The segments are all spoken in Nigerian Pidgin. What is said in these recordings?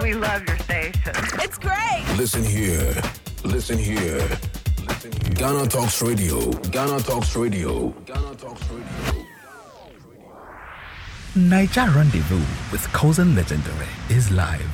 We love your station. It's great. Listen here. Listen here. Ghana Talks Radio. Ghana Talks Radio. Ghana Talks Radio. Niger Rendezvous with Cousin Legendary is live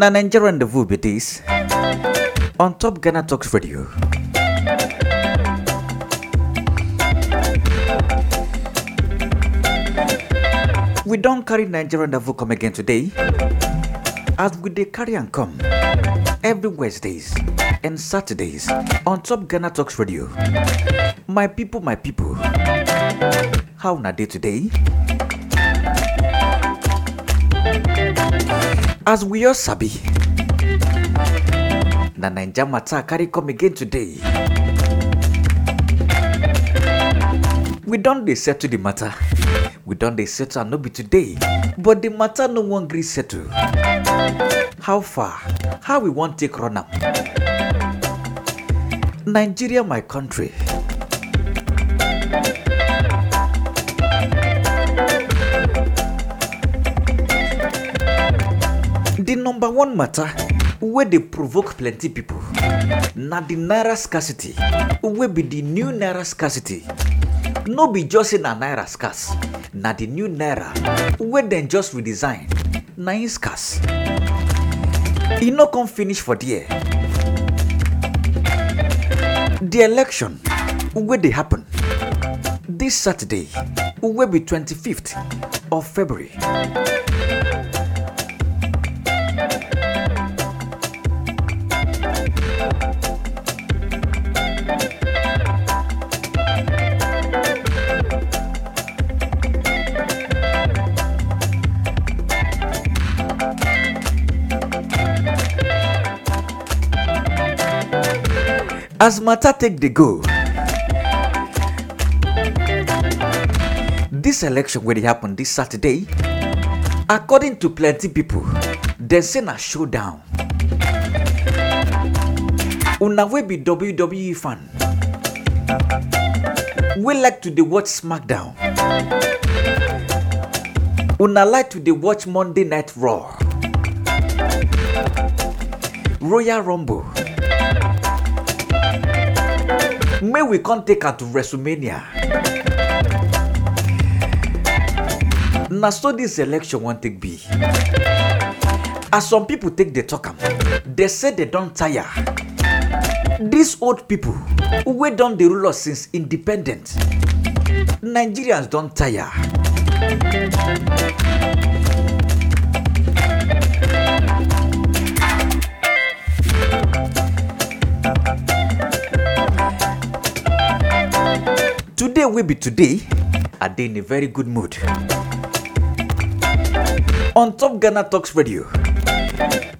na Nigeria rendezvous be this on Top Ghana Talks Radio. We don't carry Nigerian rendezvous come again today, as we dey carry and come every Wednesdays and Saturdays on Top Ghana Talks Radio. My people, my people, how na day today? as we all sabi na naija matter carry come again today we don dey settle the matter we don dey settle and no be today but the matter no wan gree settle how far how we wan take run am nigeria my country one matter where they provoke plenty people na the naira scarcity where be the new naira scarcity no be just in na naira scarce na the new naira where dem just redesign na im scarce e no come finish for there the election where they happen this saturday where be 25th of february As matter take the go. This election will happen this Saturday, according to plenty people, they say na showdown. Una wey be WWE fan wey like to dey watch SmackDown. Una like to dey watch Monday Night Raw, Royal Rumble may we come take her to wrestlemania. na so dis election won't take be as some people take the tok they say they don't tire These old people who don dey rule us since independence nigerians don't tire day will be today i dey in a very good mood on top ghana talks radio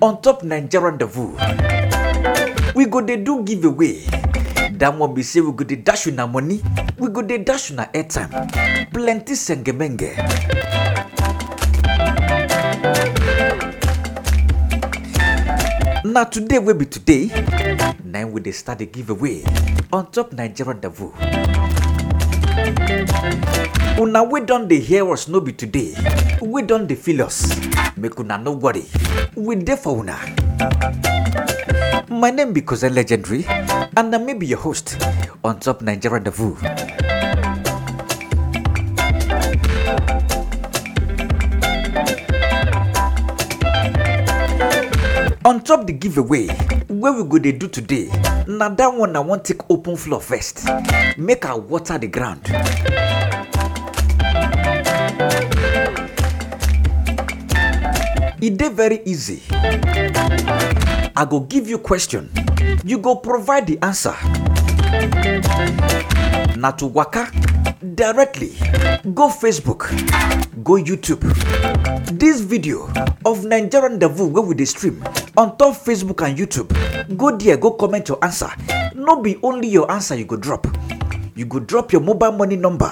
on top nigeria rendezvous we go dey do giveaway that one be say we go dey dash una money we go dey dash una airtime plenty sengemenge. Now today will be today Now we dey start the giveaway on top nigeria rendezvous una wey don dey hear us no be today wey don dey feel us make una no worry we dey for una. My name be Cousin Legendary and I me be your host on Top Nigeria Rendezvous. on top the giveaway wey we go dey do today na that one i wan take open floor first make i water the ground. e dey very easy i go give you question you go provide the answer na to waka directly go facebook go youtube this video of nigerian rendezvous wey we dey stream on top facebook and youtube go there go comment your answer no be only your answer you go drop you go drop your mobile money number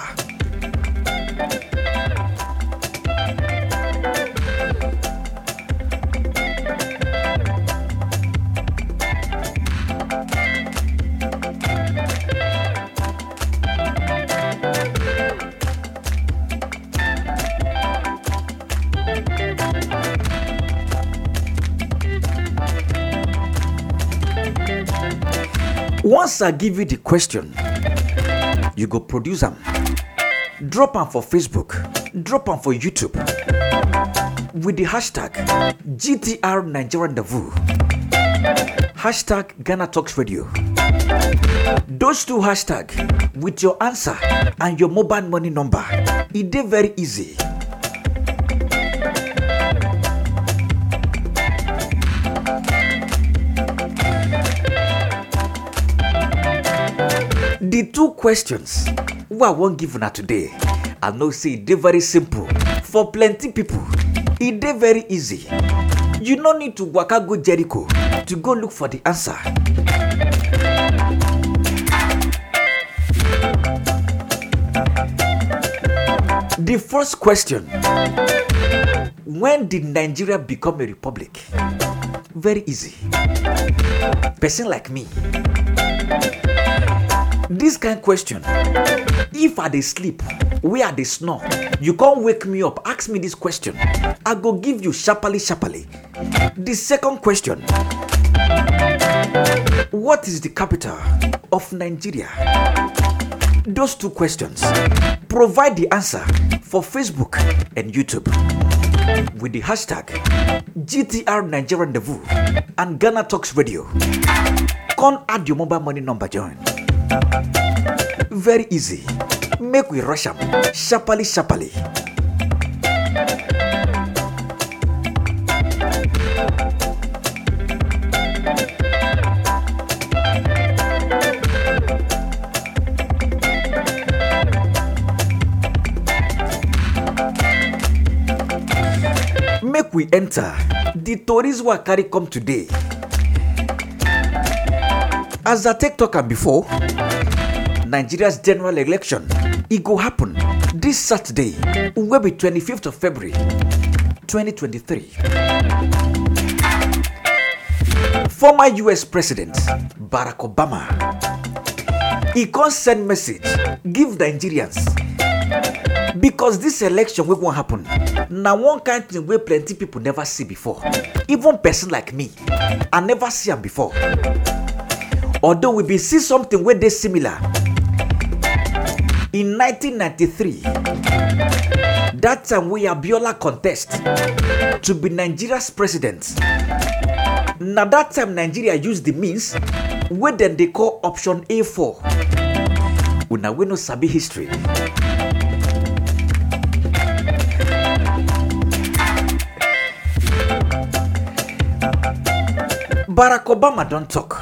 i give you the question you go produce them. drop them for facebook drop them for youtube with the hashtag gtr nigeria rendezvous hashtag ghana talks radio those two hashtag with your answer and your mobile money number It is very easy The two questions wey i wan give una today i know say e dey very simple for plenty people. e dey very easy you no need to waka go jericho to go look for the answer. The first question When did Nigeria become a republic? Very easy. Person like me This kind of question, if I dey sleep, where I dey snore, you come wake me up, ask me this question, I go give you sharply sharply. The second question, what is the capital of Nigeria? Those two questions provide the answer for Facebook and YouTube with the hashtag GTR Nigeria Rendezvous and Ghana Talks Radio. con add your mobile money number join. Very easy. Make we rush am sharply sharply. Make we enter. The tourists were carry come today as i take talk am before nigeria's general election e go happen this saturday wey be 25th of february 2023 former us president barack obama e con send message give nigerians because this election wey wan happen na one kind thing wey plenty people never see before even person like me i never see am before although we be see something wey dey similar in 1993 that time wey abiola contest to be nigeria's president na that time nigeria use the means wey dem dey call option a4 una wey no sabi history barack obama don talk.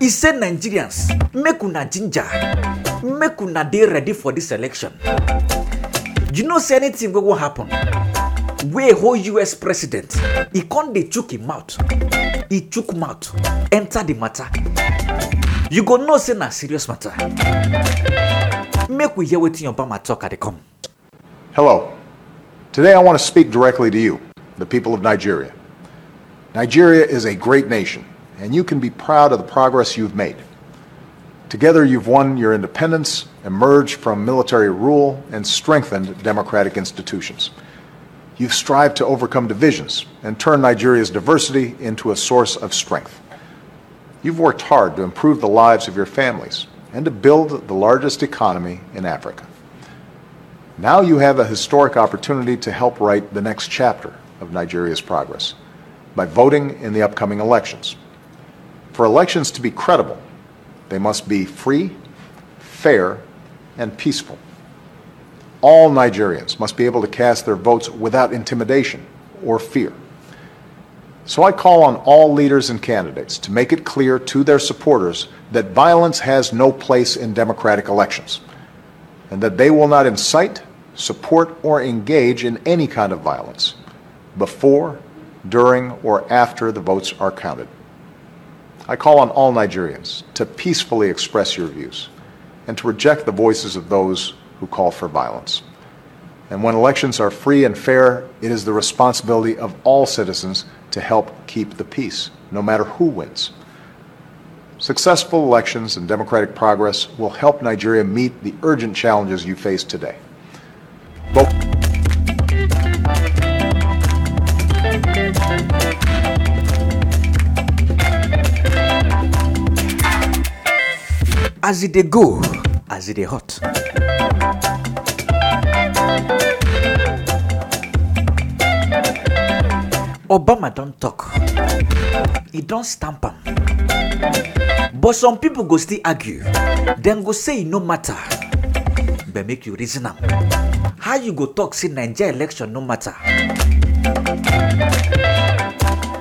He said, Nigerians, make una ginger, make una day ready for this election. You know, say anything will happen. wey whole us president e come dey chook im mouth e chook mouth enter the matter you go know say na serious matter make we hear wetin obama talk at the come. hello today i want to speak directly to you the people of nigeria nigeria is a great nation and you can be proud of the progress you've made. Together, you've won your independence, emerged from military rule, and strengthened democratic institutions. You've strived to overcome divisions and turn Nigeria's diversity into a source of strength. You've worked hard to improve the lives of your families and to build the largest economy in Africa. Now you have a historic opportunity to help write the next chapter of Nigeria's progress by voting in the upcoming elections. For elections to be credible, they must be free, fair, and peaceful. All Nigerians must be able to cast their votes without intimidation or fear. So I call on all leaders and candidates to make it clear to their supporters that violence has no place in democratic elections and that they will not incite, support, or engage in any kind of violence before, during, or after the votes are counted. I call on all Nigerians to peacefully express your views and to reject the voices of those who call for violence. And when elections are free and fair, it is the responsibility of all citizens to help keep the peace, no matter who wins. Successful elections and democratic progress will help Nigeria meet the urgent challenges you face today. Both- as it dey go as it dey hot. obama don talk. e don stamp am but some people go still argue dem go say e no matter. but make you reason am how you go talk say naija election no matter.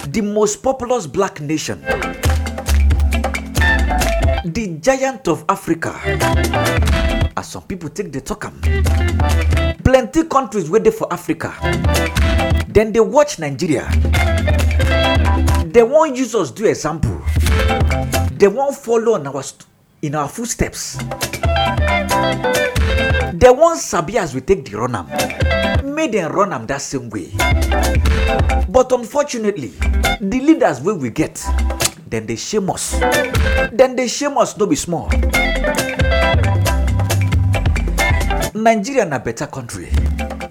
The most populous black nation the giant of africa as some people take the talk am um, plenty countries wey dey for africa dem dey watch nigeria dem wan use us do example dem wan follow on our in our footsteps dem wan sabi as we take dey run am um, make dem run am um, that same way but unfortunately the leaders wey we get then they shame us then they shame us no be small nigeria na better country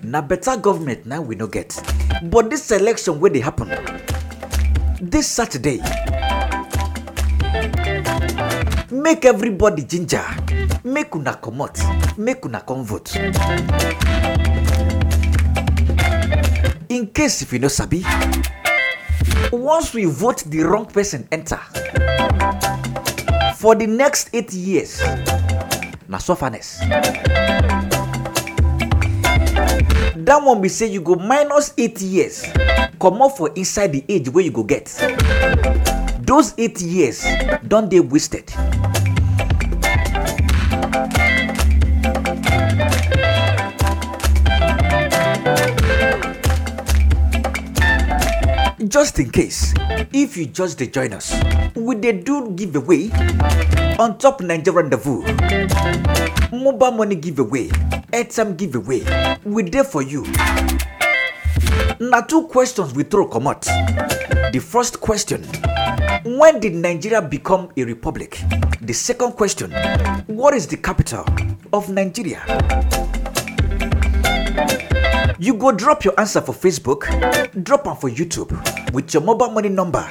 na better government na we no get but this election where they happen this saturday make everybody ginger make una comot make una come vote in case if you no sabi Once we vote the wrong person enter, for the next eight years, na sufferness. That one be say you go minus eight years, Come up for inside the age where you go get. Those eight years Don't they wasted. just in case if you just dey join us we dey do giveaway on top naija rendezvous mobile money giveaway airtime giveaway we dey for you na two questions we throw comot the first question when did nigeria become a republic the second question what is the capital of nigeria. You go drop your answer for Facebook, drop one for YouTube with your mobile money number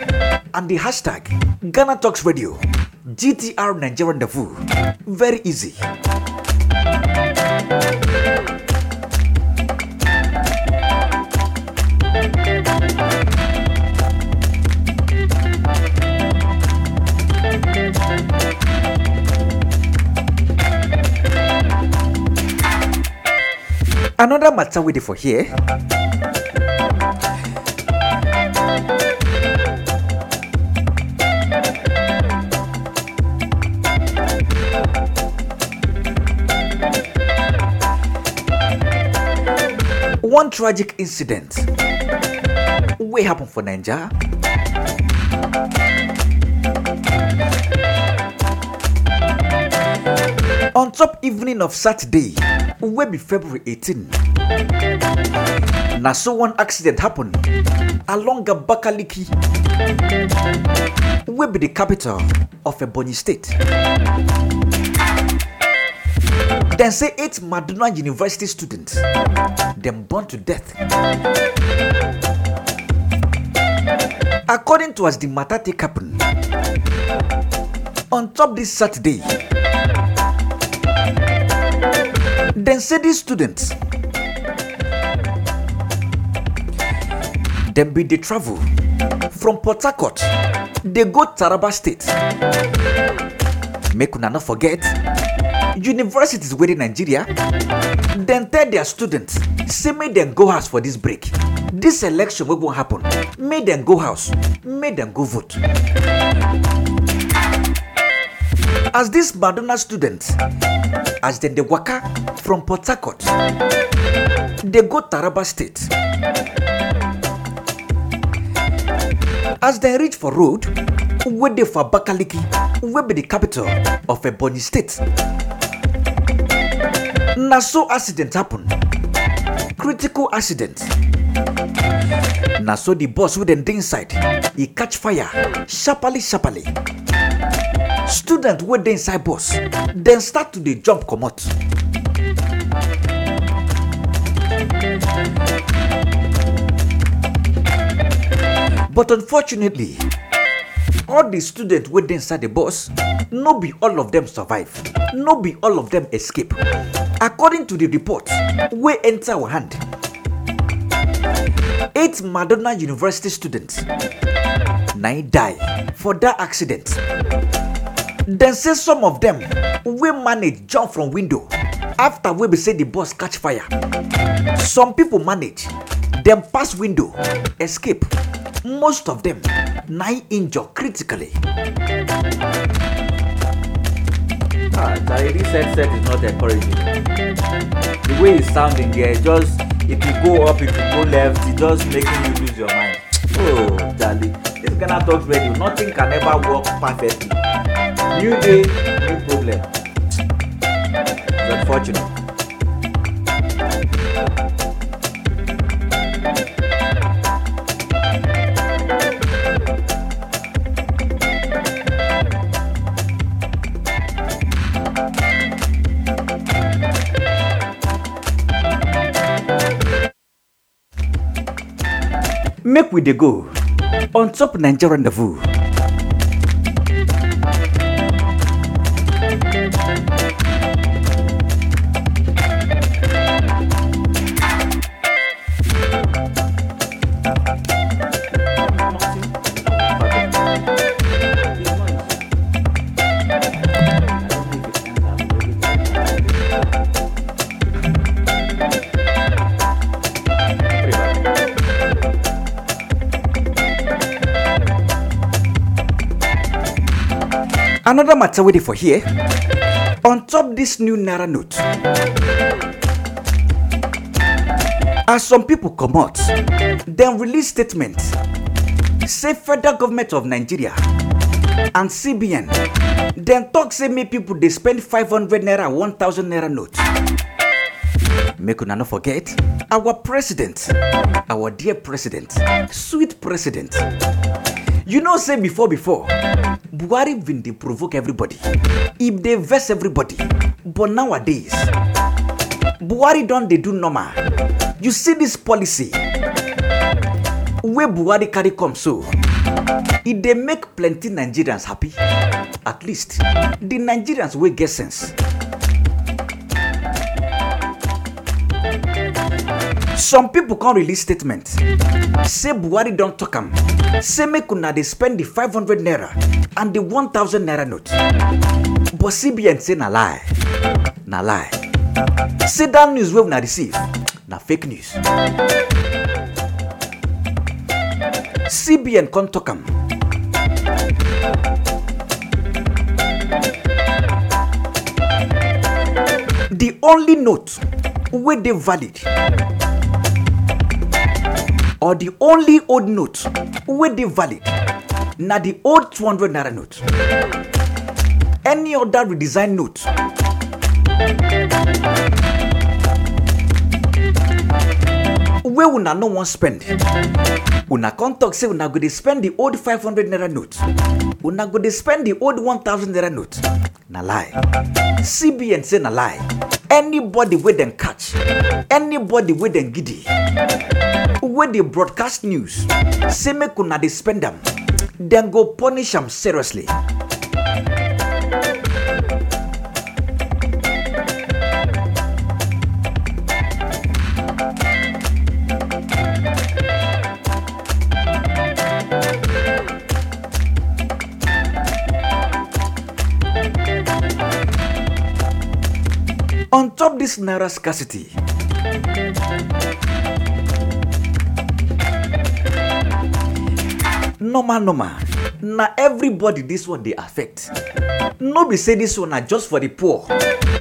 and the hashtag Ghana Talks Radio GTR Nigeria Rendezvous. Very easy. another matter wey dey for here one tragic incident We happened for naija on top evening of saturday Uwebi February 18. Now, so one accident happened along Abakaliki, Uwebi, the capital of a Ebonyi State. Then say eight Maduna University students, them burned to death. According to us, the matter take happened on top this Saturday then say these students then be they travel from port harcourt they go taraba state make una no forget universities within nigeria Then tell their students say make them go house for this break This election wey go happen make them go house make them go vote as dis Baduna students as dem dey waka from Port Harcourt they go Taraba State. As they reach for road wey they for Bakaliki, wey be the capital of Ebonyi State, na so accident happen. Critical accident. Na so di bus wey dem inside e catch fire sharply, sharply student wey dey inside bus dem start to dey jump comot. but unfortunately all di students wey dey inside di bus no be all of dem survive no be all of dem escape according to di report wey enter our hand eight madonna university students na die for dat accident dem say some of dem wey manage jump from window after wey be say di bus catch fire some pipo manage dem pass window escape most of dem na im injure critically. ah Tairi set set is not encouraging the way e sound in there just if you go up if you go left e just make you lose your mind. Oh, darling, this Ghana Talks Radio, nothing can ever work perfectly. New day, new problem. It's unfortunate. make we dey go on top naija rendezvous another matter waiting for here on top this new naira note as some people come out, then release statements, say federal government of nigeria and cbn Then tok say make pipo dey spend 500 naira 1000 naira note make una no forget our president our dear president sweet president you know say before before buhari been they provoke everybody if they vex everybody but nowadays buhari don't dey do normal you see this policy where buhari carry come so if e they make plenty nigerians happy at least the nigerians will get sense some people come release statement say buhari don tok am say make una dey spend the 500 naira and the 1000 naira note but cbn say na lie na lie say dat news we've una receive na fake news cbn come talk him. the only note wey they valid or the only old note wey dey valid na the old 200 naira note any other redesigned note wey una no wan spend una come talk say una go dey spend the old 500 naira note una go dey spend the old 1000 naira note na lie cbn say na lie anybody wey dem catch anybody wey dem giddy when they broadcast news say me could not spend them, then go punish them seriously. On top this narrow scarcity, normal normal na everybody this one dey affect no be say this one na just for the poor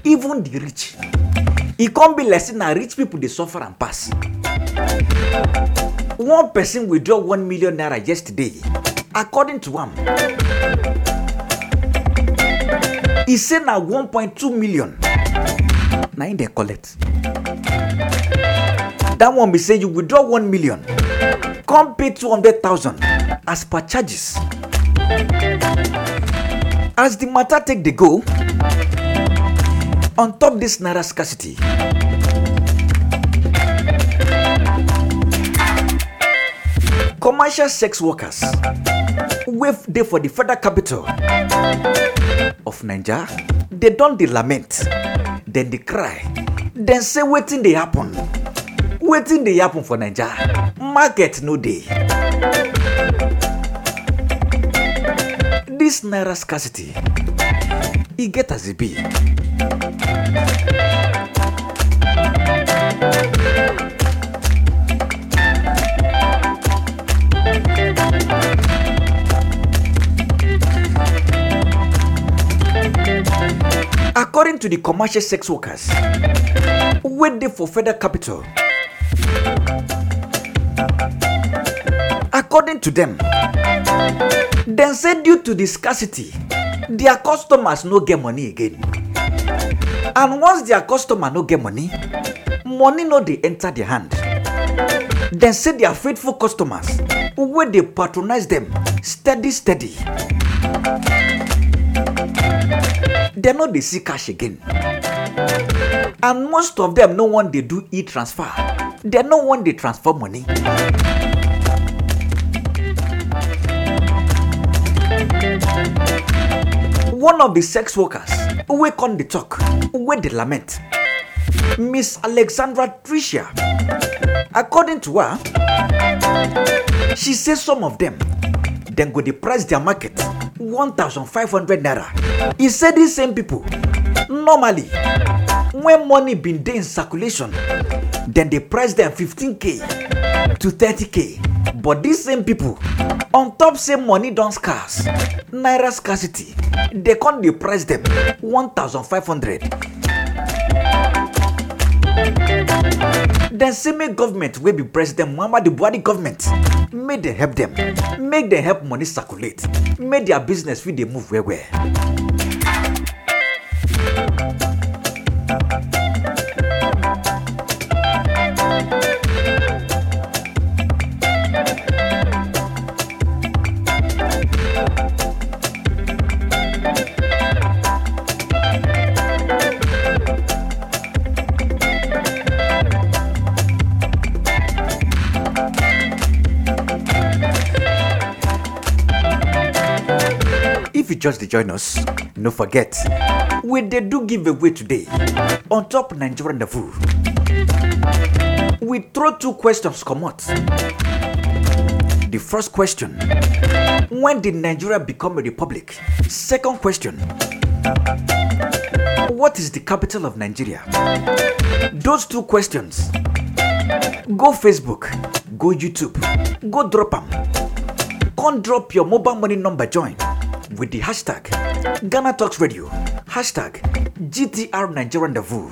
even the rich e come be like say na rich people dey suffer am pass one person withdraw one million naira yesterday according to am e say na two million na im dey collect that one be say you withdraw one million come pay 200,000 as per charges. As the matter take the go, on top this naira scarcity, commercial sex workers with dey for the federal capital of naija they don dey lament then dey cry then say wetin they happen wetin dey happen for naija market no dey. dis naira scarcity e get as e be. according to di commercial sex workers wey dey for federal capital According to them, they say due to the scarcity, their customers no get money again. And once their customer no get money, money no they enter their hand. Dem say their faithful customers where they patronize them, steady steady. they no they see cash again and most of them no wan they do e-transfer they no want to transfer money. one of the sex workers wey come the talk wey dey lament miss alexandra tricia according to her she says some of them then go dey price their market one thousand five hundred naira He said these same people normally when money been dey in circulation dem dey price dem 15k to 30k but these same people on top say money don scarce naira scarcity dey come dey price dem 1500 dem say make government wey be president muhammadu buhari government make dem help dem make dem help money circulate make their business fit dey move well well. just join us, no forget, we they do give away today on top Nigerian Rendezvous. We throw two questions come out. The first question When did Nigeria become a republic? Second question What is the capital of Nigeria? Those two questions go Facebook, go YouTube, go drop them. Come drop your mobile money number, join. with the hashtag Ghana Talks Radio, hashtag GTR Nigeria Rendezvous.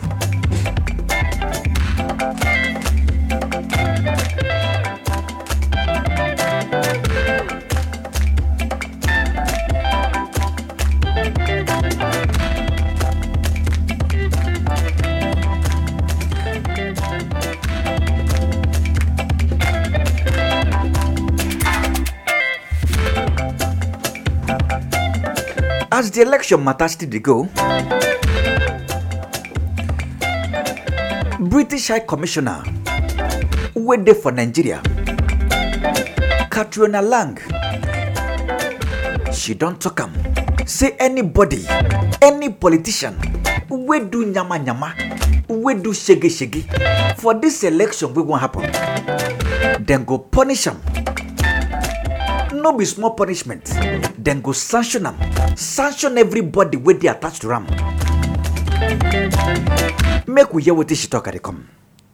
as the election matter still dey go british high commissioner wey dey for nigeria katrina lang she don talk am say anybody any politician wey do nyamanyama wey do shege, for dis election wey wan happen dem go punish am no be small punishment dem go sanction am sanction everybody wey dey attached to am make we hear wetin she tok i dey come.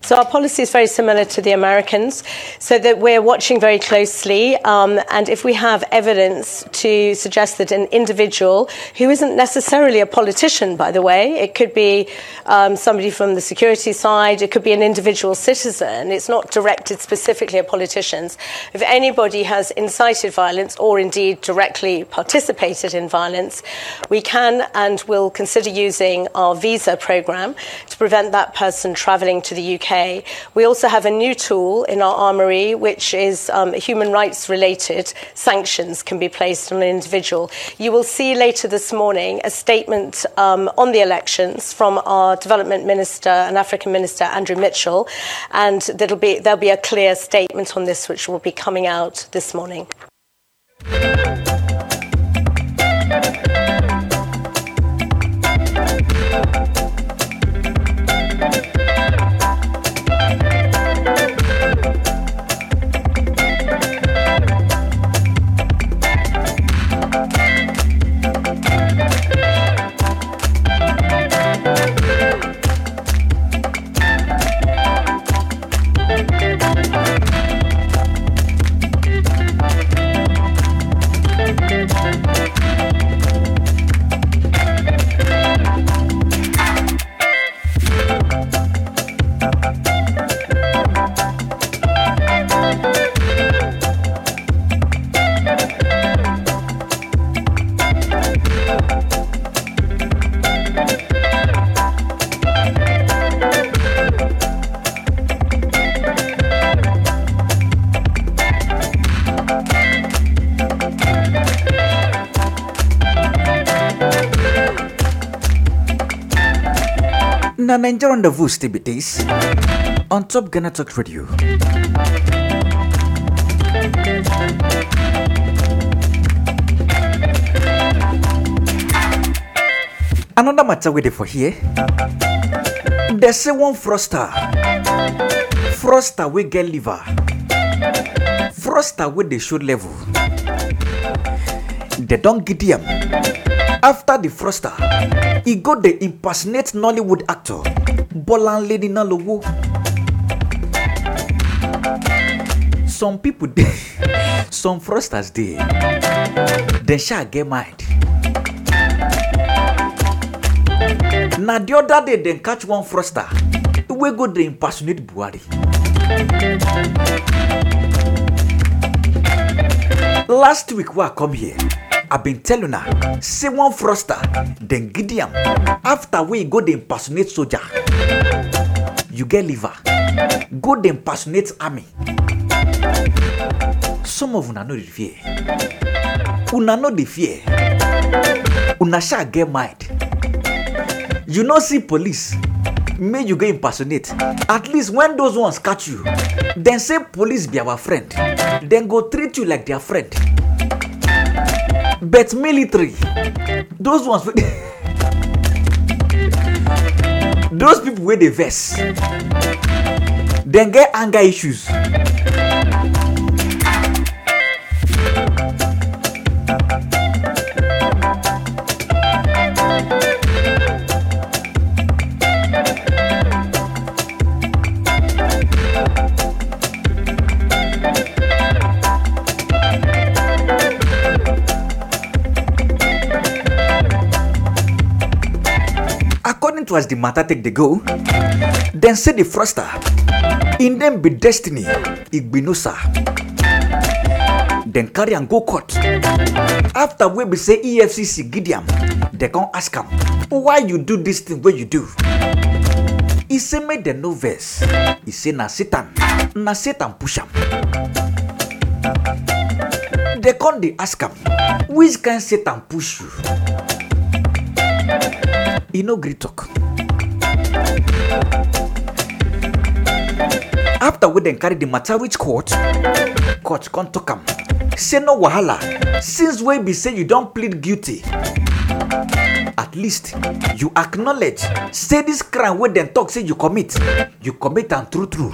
So our policy is very similar to the Americans, so that we're watching very closely, um, and if we have evidence to suggest that an individual who isn't necessarily a politician, by the way, it could be um, somebody from the security side, it could be an individual citizen. It's not directed specifically at politicians. If anybody has incited violence or indeed directly participated in violence, we can and will consider using our visa program to prevent that person travelling to the UK we also have a new tool in our armoury, which is um, human rights related. Sanctions can be placed on an individual. You will see later this morning a statement um, on the elections from our development minister and African minister, Andrew Mitchell, and there'll be, there'll be a clear statement on this which will be coming out this morning. on the rendezvous TBTs on Top Ghana Talk Radio. Another matter we for here. They say one froster. Froster we get liver. Froster with the show level. They don't get them the fraudster he go dey impersonate nollywood actor bolanle ninalowo some people dey some fraudsters dey dem sha get mind na the other day dem catch one fraudster wey go dey impersonate buhari last week wey i come here I've been telling her, say one froster, then Gideon. After we go the impersonate soldier, you get liver. Go the impersonate army. Some of una know the fear. Una know the fear. Una shall get mind. You no see police. make you go impersonate. At least when those ones catch you, then say police be our friend. Then go treat you like their friend but military those ones those people wey dey vex dem get anger issues. was the matter take they go? Then say the froster, in them be destiny, it be no Igbinosa. Then carry and go court. After we be say EFCC Gideon, they can ask him, why you do this thing where you do? He say make the no verse. He say na Satan, na Satan push him. They can they ask him, which kind Satan push you? He no gree talk after we dem carry the matter reach court court come talk am say no wahala since wey be say you don plead guilty at least you acknowledge say this crime wey dem talk say you commit you commit am true true.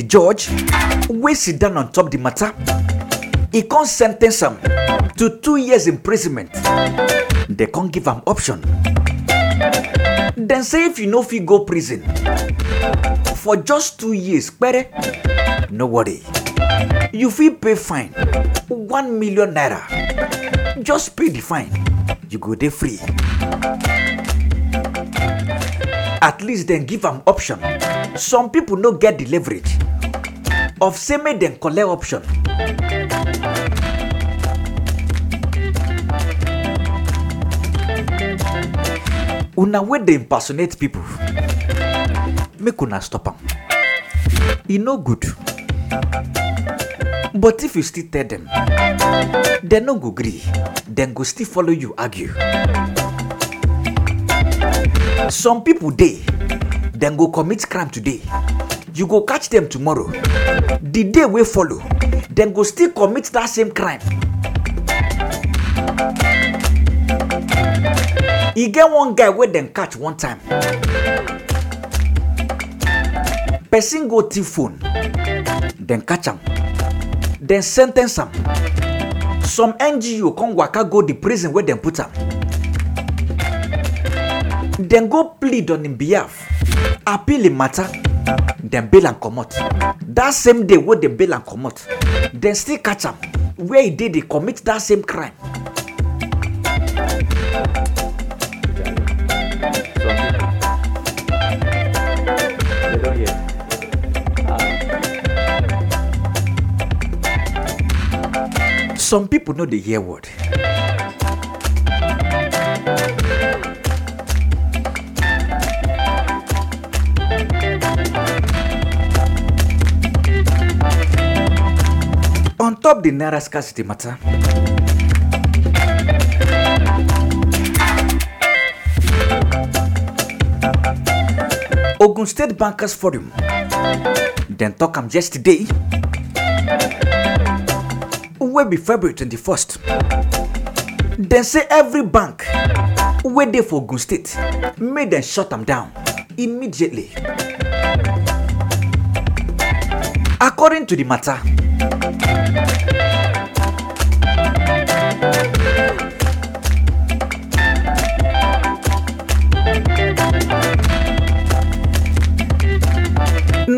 the judge wey sit down on top the matter e con sen ten ce am to two years imprisonment dem con give am option dem say if you no know fit go prison for just two years pere no worry you fit pay fine one million naira just pay the fine you go dey free at least dem give am option some people no get the leverage of say make dem collect option. una wey dey impersonate people make una stop am e no good but if you still tell dem dem no go gree dem go still follow you argue some people dey dem go commit crime today you go catch dem tomorrow the day wey follow dem go still commit that same crime. e get one guy wey dem catch one time person go thief phone dem catch am dem sen ten ce am some ngo come waka go the prison wey dem put am dem go plead on im behalf appeal the matter then bail am comot that same day where they bail am comot then still catch up where he did. He commit that same crime. some people know the year word. Top stop the naira city matter. ogun state bankers forum dem talk am yesterday wey be february twenty first. dem say every bank wey dey for ogun state make dem shut am down immediately according to di matter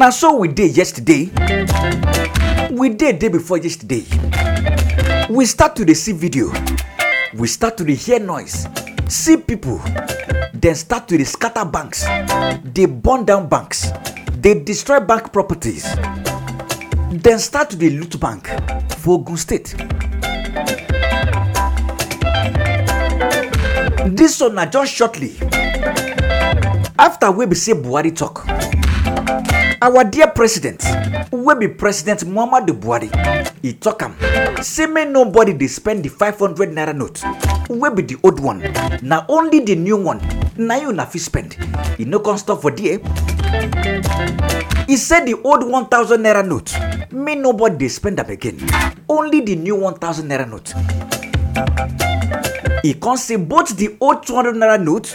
na so we dey yesterday we dey day before yesterday we start to dey see video we start to dey hear noise see people then start to dey scatter banks dey burn down banks dey destroy bank properties then start to dey loot bank for ogun state. dis one na just shortly after wey be say buhari tok our dear president wey be president muhammadu buhari e talk am say make nobody dey spend the five hundred naira note wey be di old one na only the new one na you na fit spend e no come stop for there e say the old one thousand naira note make nobody dey spend am again only the new one thousand naira note e come say both the old two hundred naira note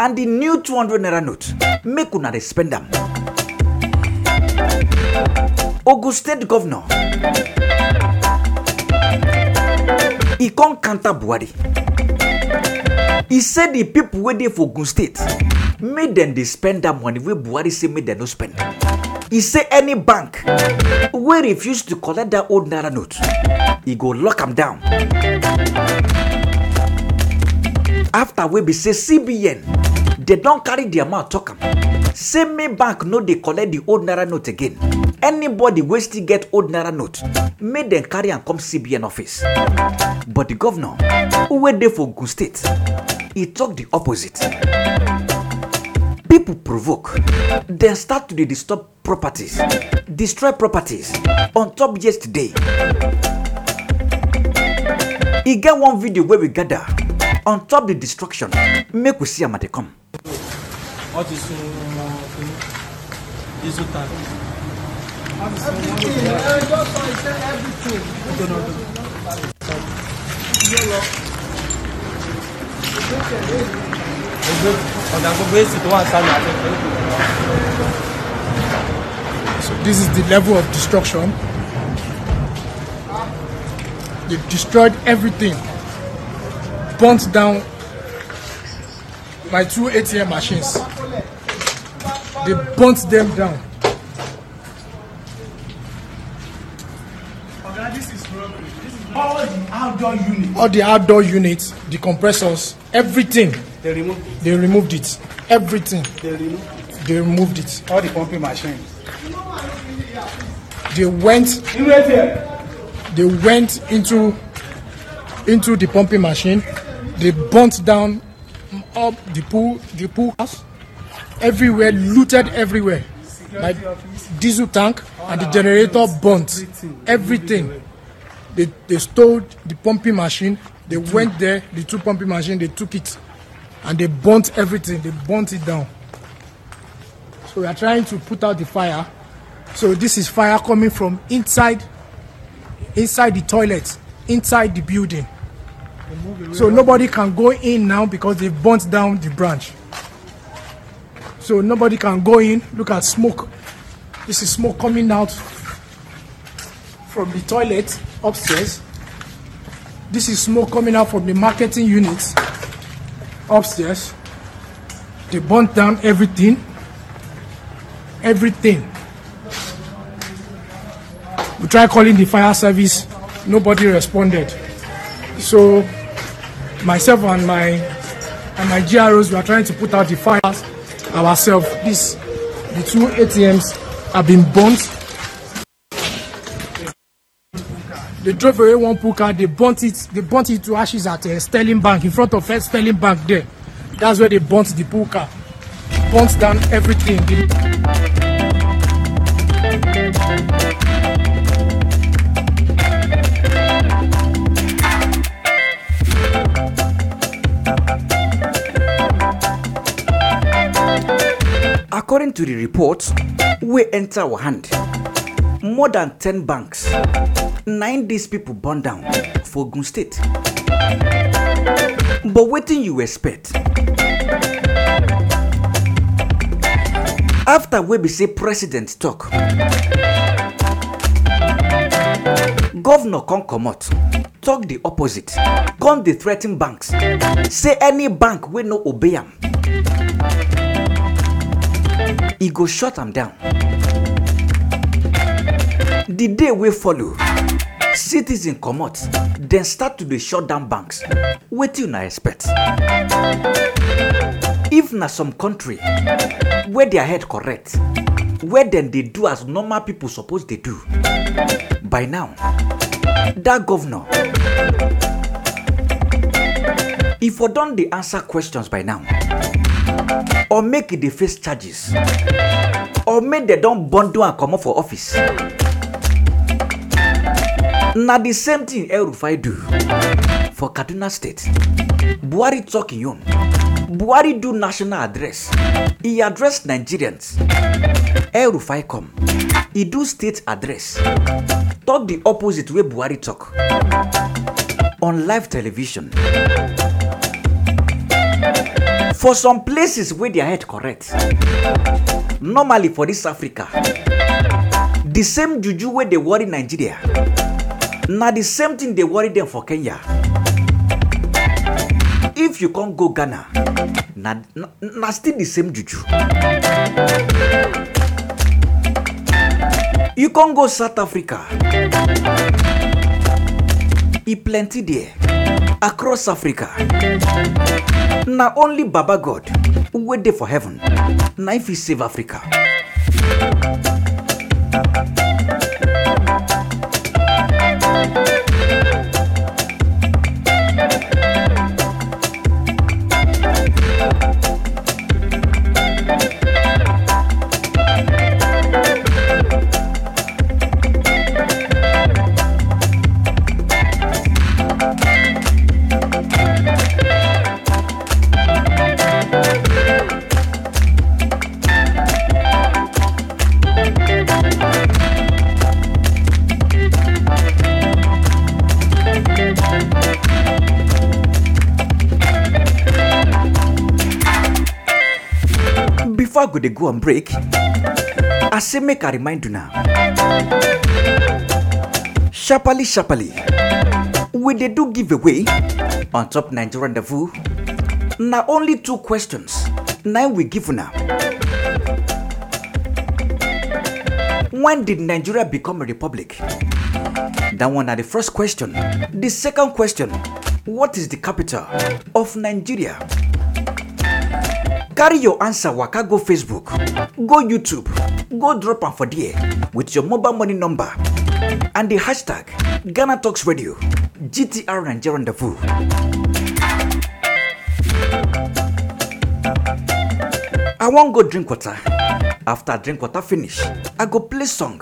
and the new two hundred naira note make una dey spend am ogun state governor e come counter buhari e say di pipo wey dey for ogun state make dem dey spend dat money wey buhari say make dem no spend e say any bank wey refuse to collect dat old naira note e go lock am down afta wey be say cbn dem don carry di amount tok am say make bank no dey collect di old naira note again anybody wey still get old naira note make dem carry am come cbn office but di govnor wey dey for ogun state e tok di opposite pipo provoke dem start to dey disturb properties destroy properties on top yesterday e get one video wey we gather on top di destruction make we see am at di come. wọ́n sun ọmọ ọkùnrin jésù tán everything everything. ọ̀gá gbogbo èsì So this is the level of destruction. They destroyed everything. Burnt down my two ATM machines. They burnt them down. outdoor unit. All the outdoor units, the compressors, everything. They removed it. They removed it. Everything. They removed it. They removed it. All the pumping machines. They went. They went into into the pumping machine. They burnt down up the pool, the pool house, everywhere, looted everywhere. Like diesel tank and the generator burnt. Everything. They, they stole the pumping machine. They went there, the two pumping machine, they took it. And they burnt everything. They burnt it down. So we are trying to put out the fire. So this is fire coming from inside, inside the toilet, inside the building. So nobody can go in now because they burnt down the branch. So nobody can go in. Look at smoke. This is smoke coming out from the toilet upstairs. This is smoke coming out from the marketing units upstairs. They burnt down everything. Everything. We tried calling the fire service. Nobody responded. So myself and my and my GROs were trying to put out the fires ourselves. This the two ATMs have been burnt they drove away one pool car they burnt it they burnt it to ashes at uh, Sterling Bank in front of first uh, Sterling Bank there that's where they burnt the pool car burnt down everything. According to the report, we enter our hand more than 10 banks. Nine days people burn down for Gun State. But waiting you expect. After we be say president talk, governor come comot talk the opposite, come the threatening banks, say any bank will no obey him. He go shut them down the day wey follow citizen comot dem start to dey shut down banks wetin una expect if na some country wey their head correct wey dem dey do as normal people suppose dey do by now dat governor e for don dey answer questions by now or make e dey face charges or make dem don bundle am comot for office na the same thing. el-rufai do for kaduna state buhari tok yon. own buhari do national address He address nigerians el-rufai come He do state address Talk the opposite way. buhari talk on live television for some places where their head correct normally for this africa the same juju where they worry nigeria Now the same thing they worry them for kenya if you can't go ghana now, na, still the same juju you can't go south africa e plenty there across africa now only baba god wait there for heaven na im fit save africa. Thank you. dey go on break i say make i remind una sharply sharply we dey do giveaway on top nigeria rendezvous na only two questions na we give una when did nigeria become a republic that one na the first question the second question what is the capital of nigeria carry your answer waka go facebook go youtube go drop am for there with your mobile money number and the hashtag ghana talks radio gtr nigeria rendezvous. i wan go drink water after i drink water finish i go play song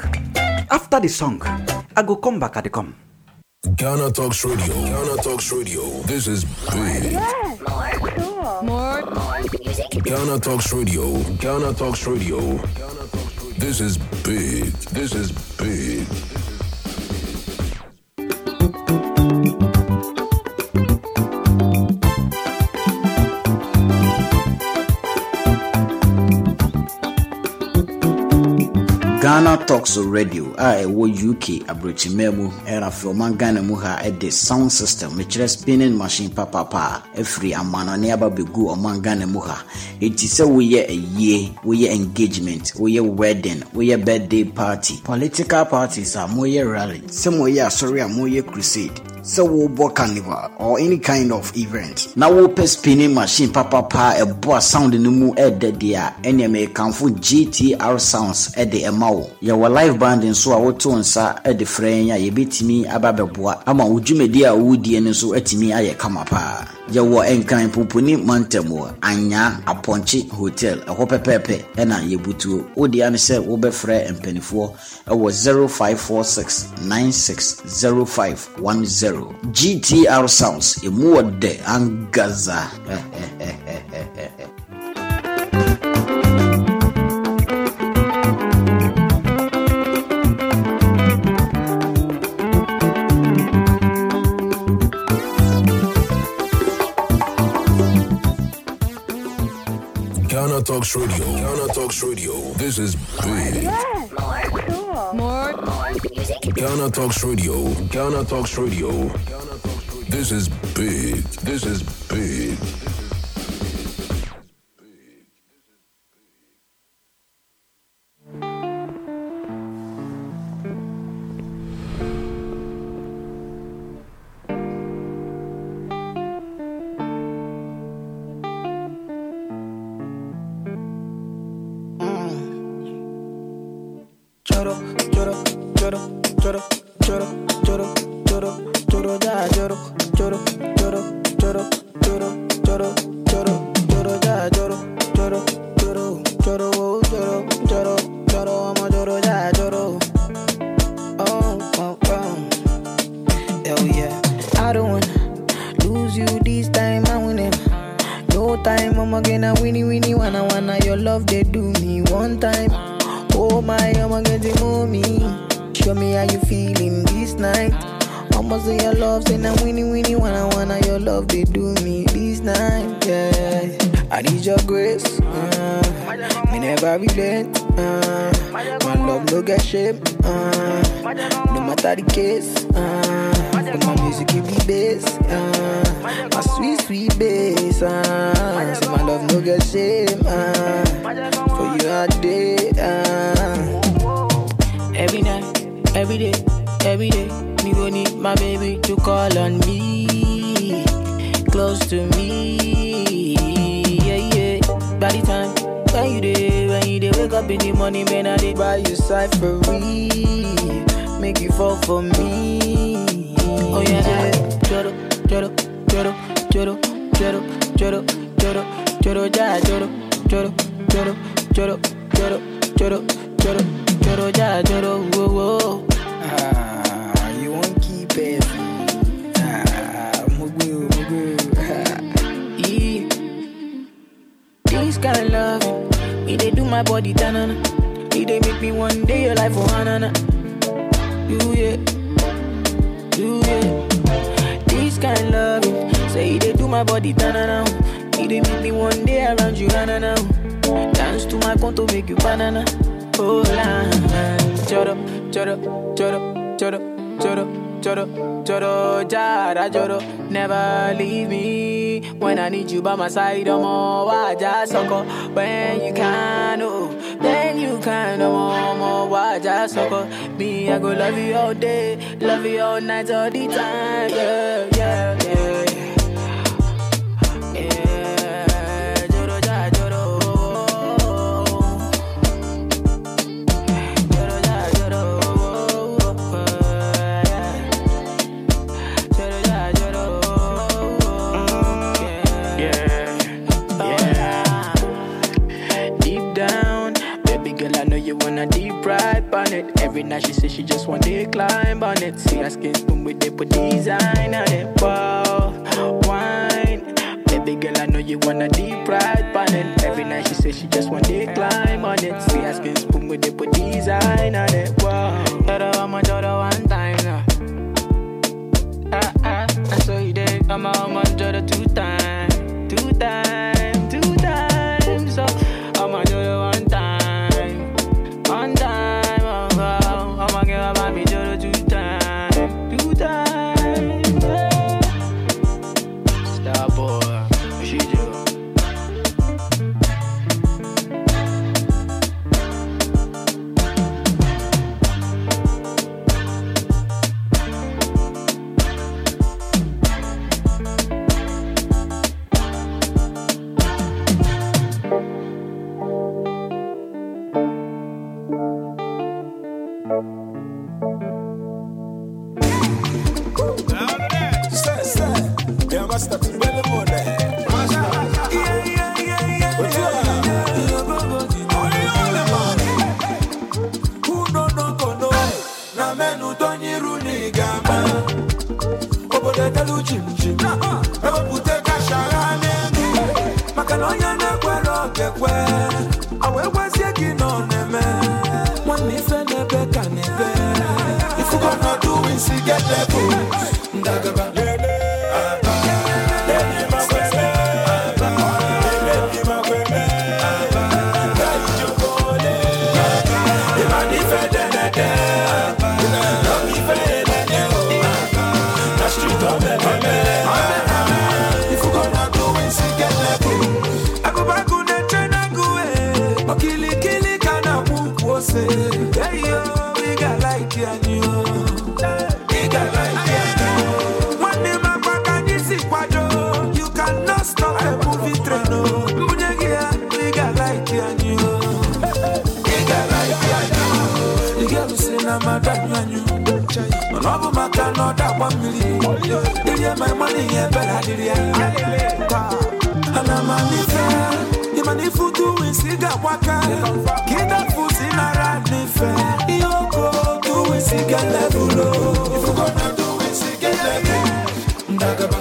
after the song i go come back i dey come. ghana talks radio ghana talks radio this is big. Yeah. Ghana Talks Radio. Ghana Talks Radio. This is big. This is big. ghana talks radio a ɛwɔ uk aburokyimaa mu ɛna afei ɔman ghana mu ha ɛde sound system mekyerɛ spinning machine papapa a ɛfiri amanane aba bɛgu ɔman ghana mu ha ɛti sɛ woyɛ ayie woyɛ engagement woyɛ wedding woyɛ birthday party political parties a moyɛ rally sɛ moyɛ asɔre a moyɛ crusade sɛ wobɔ carnival or any kind of event na wopɛ spinning machine papapa ɛbɔ a sound no mu ɛdɛ deɛ a ɛneɛ mekamfo gtr sounds ɛde ɛma wo yɛwɔ live band nso a woto nsa ɛde frɛ yɛn a yɛbɛtumi aba bɛboa ama wo dwumadi a wowodie no nso atumi ayɛ kama paa yɛwɔ nkran poponi mantamoa Anya, apɔnkye hotel ɛhɔ pɛpɛɛpɛ ɛna yɛbutuo wodea ne sɛ wobɛfrɛ mpanifoɔ ɛwɔ 0546 960510 gtr sounds ɛmu wɔ dɛ angaza Talks Radio. Ghana Talks Radio. This is big. Yes, more cool. More, more music. Ghana Talks Radio. Ghana Talks Radio. This is big. This is big. do yeah, do yeah. This kind of love, say they do my body, na na It they oh. make me one day around you, na na na. Oh. Dance to my conto, make you banana. Oh la, choro, choro, choro, choro, choro, choro, choro, jara, choro. Never leave me when I need you by my side. I'm all I just sucker when you can. not oh kind of more, why just sucker. Me, I go love you all day, love you all night, all the time, yeah. yeah. a deep ride on it. Every night she says she just want to climb on it. See her skin smooth with they put design on it. Wow, wine. Baby girl, I know you want a deep ride on it. Every night she says she just want to climb on it. See her skin smooth with they put design on it. Wow. Daughter, I'm a daughter one time now. Ah, ah, I saw you there. I'm a, I'm a daughter two times, two times. jim jim ewepụta kashara n'elu maka na onye na-ekwere Did my money, yeah, better did And I'm on the fair. You money for doing cigar waka. Get that foot in a rad fair. You go doing cigar level. you gonna do it, cigar level.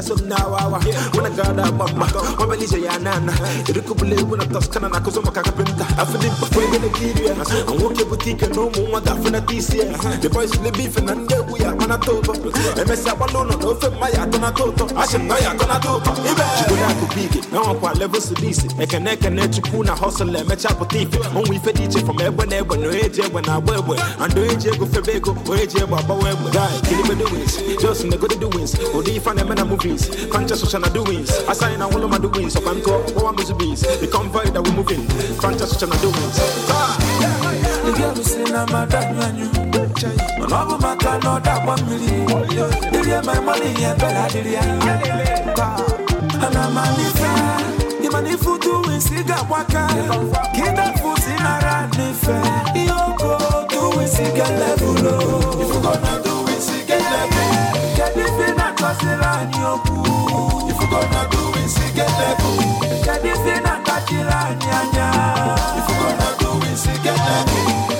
ya so na wawa wana gada mama wabeli je ya nana irikubule wana toskana na kuzo makakapinta afidi mpafwe gele kiria anwoke butike no mu wada fina tisia the boys le beef na nge uya mana toto emesa walono no fe maya tona toto ashe maya tona toto ibe chikoya I I'm quite level silisi ɛkɛnɛkɛ na ɛtukwu na hustle ɛmɛkya pɔtife ɔnwụ ife dị iche fam egbe na egbe na onye ji egbe na agba egbe and onye ji ego febe ego onye ji egbe agbawa egbe guy in the wings. just in the wins ụdị ife na-eme na movies conscious ụcha na the wins asaghị of nwụlụ So the wins ọkwa nkụ ọkpọwa muzubis the convoy that we moving conscious ụcha ah, na the wins I'ma mmadụ anyụ anyụ mana ọ bụ maka na ọ dagba mmiri dịrị eme mmanụ na manifest manifutu wisigakwaka kidafuzimara nife iyoko tuwisigelebulu ifugona tuwisigelebu kedife na twasila nioku ifugona tuwisigelebu kedife na tatila nyanya ifugona tuwisigelebu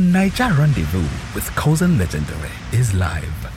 Niger Rendezvous with Cousin Legendary is live.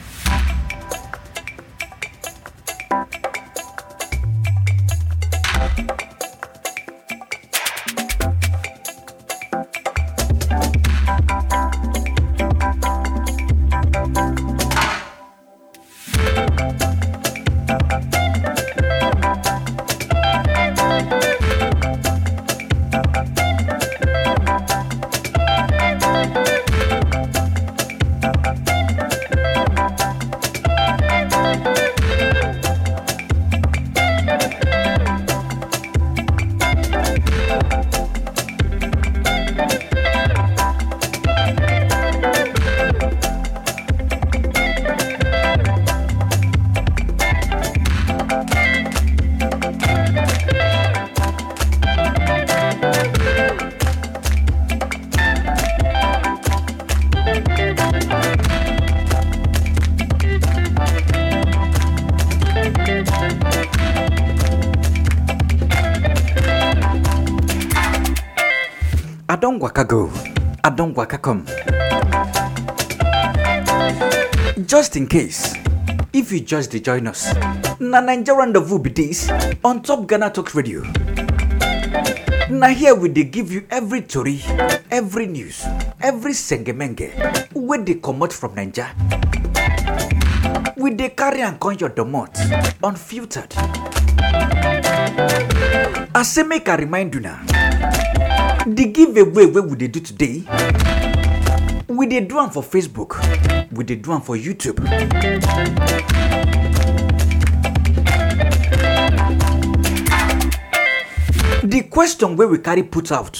just to join us. Na Nigeria rendezvous be this on Top Ghana Talk Radio. Na here we dey give you every story, every news, every sengemenge where they come out from Niger. We dey carry and con your domot unfiltered. I say make a remind you now. The giveaway where would they do today? We dey do one for Facebook. We dey do one for YouTube. The question wey we carry put out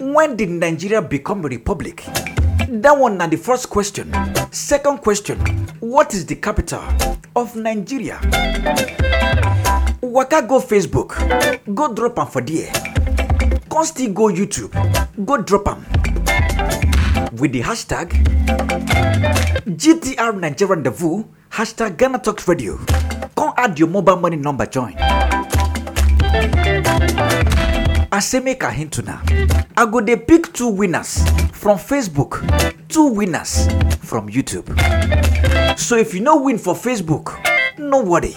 when did nigeria become a republic that one na the first question second question what is the capital of nigeria waka go facebook go drop am for there come still go youtube go drop am with the hashtag gtr nigeria Devu hashtag ghana talks radio come add your mobile money number join asemeka hintuna i go dey pick two winners from facebook two winners from youtube so if you no win for facebook no worry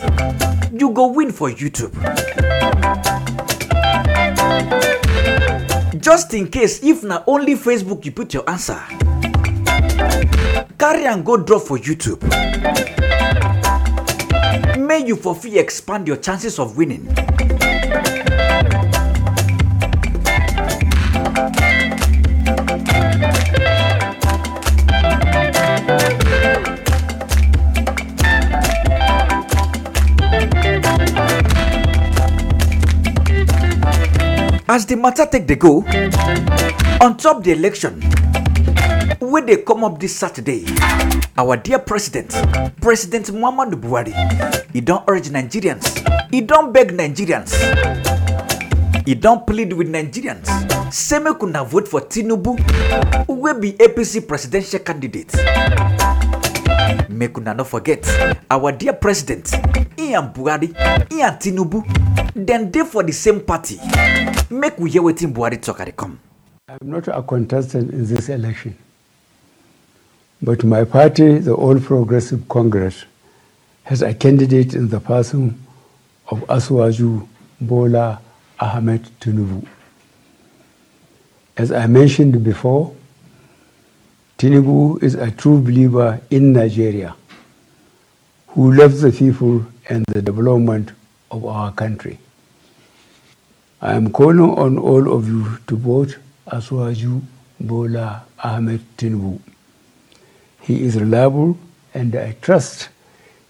you go win for youtube just in case if na only facebook you put your answer carry am go draw for youtube May you for fit expand your chances of winning. as the matter take dey go on top the election wey dey come up this saturday our dear president president muhammadu buhari e don urge nigerians e don beg nigerians e don plead with nigerians say make una vote for tinubu wey be apc presidential candidate Make una no forget our dear president, Ian Buhari, Ian Tinubu, then they for the same party. Make we hear what Buhari talk at come. I'm not a contestant in this election, but my party, the All Progressive Congress, has a candidate in the person of Aswaju Bola Ahmed Tinubu. As I mentioned before, Tinubu is a true believer in Nigeria who loves the people and the development of our country. I am calling on all of you to vote Aswaju Bola Ahmed Tinubu. He is reliable and I trust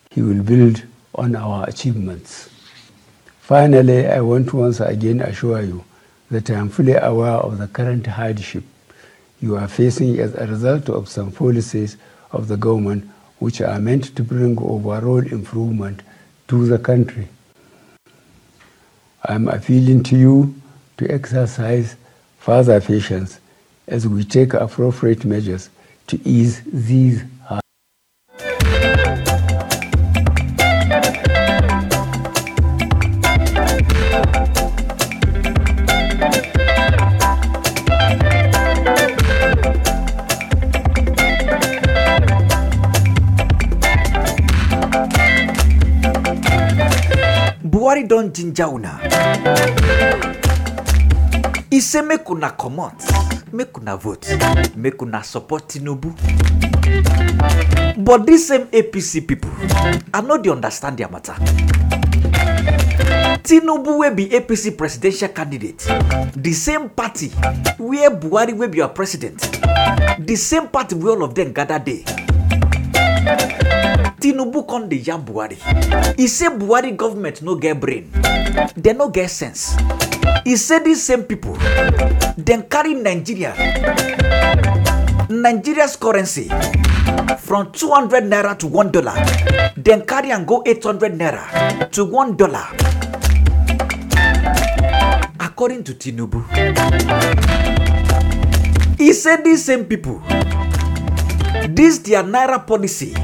he will build on our achievements. Finally, I want to once again assure you that I am fully aware of the current hardship you are facing as a result of some policies of the government which are meant to bring overall improvement to the country. I am appealing to you to exercise further patience as we take appropriate measures to ease these don ginger una e say make una comot make una vote make una support tinubu but dis same apc pipo i no dey understand their matter. tinubu wey be apc presidential candidate di same party where buhari wey be our president di same party wey all of dem gather dey tinubu come dey yarn buhari e say buhari government no get brain dem no get sense e say dis same pipo dem carry nigeria nigeria's currency from two hundred naira to one dollar dem carry am go eight hundred naira to one dollar according to tinubu e say dis same pipo dis dia naira policy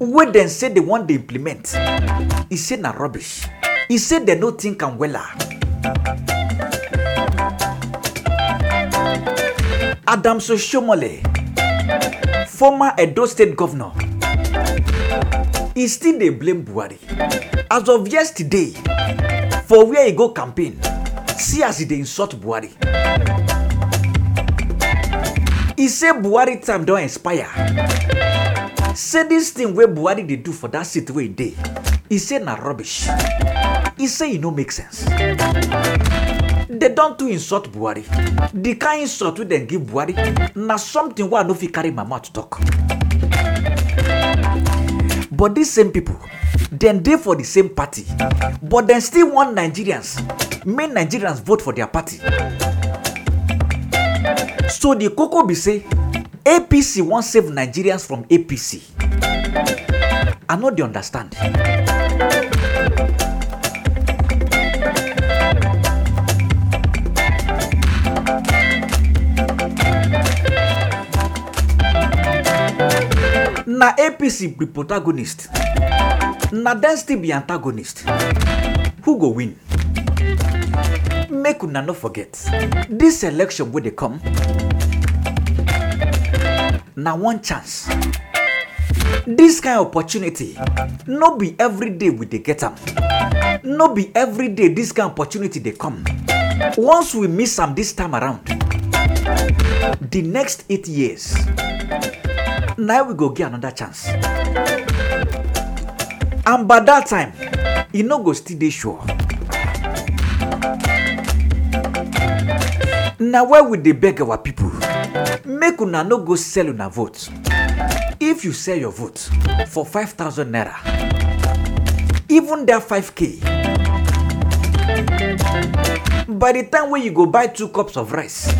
wey dem say dem wan dey implement e say na rubbish e say dem no think am wella. Ah. adam soshomole former edo state governor e still dey blame buhari as of yesterday for where e go campaign see as e dey insult buhari e say buhari time don expire say this thing wey buhari dey do for that seat wey e dey e say na rubbish e say e no make sense dem don too insult buhari The kind insult wey dem give buhari na something wey i no fit carry my mouth talk but these same people, dem dey for the same party but dem still want nigerians make nigerians vote for their party so the koko be say apc wan save nigerians from apc i know they understand. na apc be protagonist na dem still be antagonist who go win make una no forget This election wey they come na one chance this kind of opportunity no be every day we dey get am no be every day this kind of opportunity dey come once we miss am this time around the next eight years now we go get another chance and by that time e no go still dey sure na where we dey beg our people make una no go sell una vote if you sell your vote for 5000 naira even that 5k by the time when you go buy two cups of rice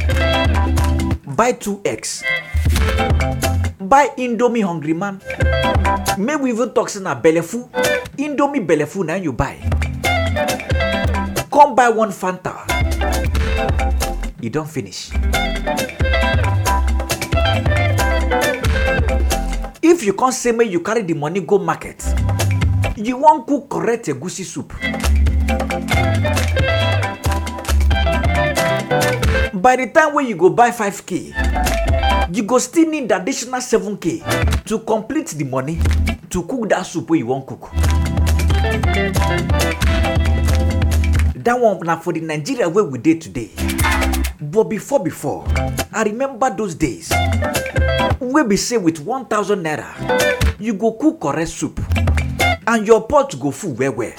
buy two eggs buy indomie hungry man maybe even talk say na indomie belleful na you buy come buy one fanta You e don't finish. if you come say make you carry the money go market you wan cook correct egusi soup by the time wey you go buy 5k you go still need additional 7k to complete the money to cook that soup wey you wan cook that one na for the nigeria wey we dey today but before before i remember those days wey be say with one thousand naira you go cook correct soup and your pot go full Where where?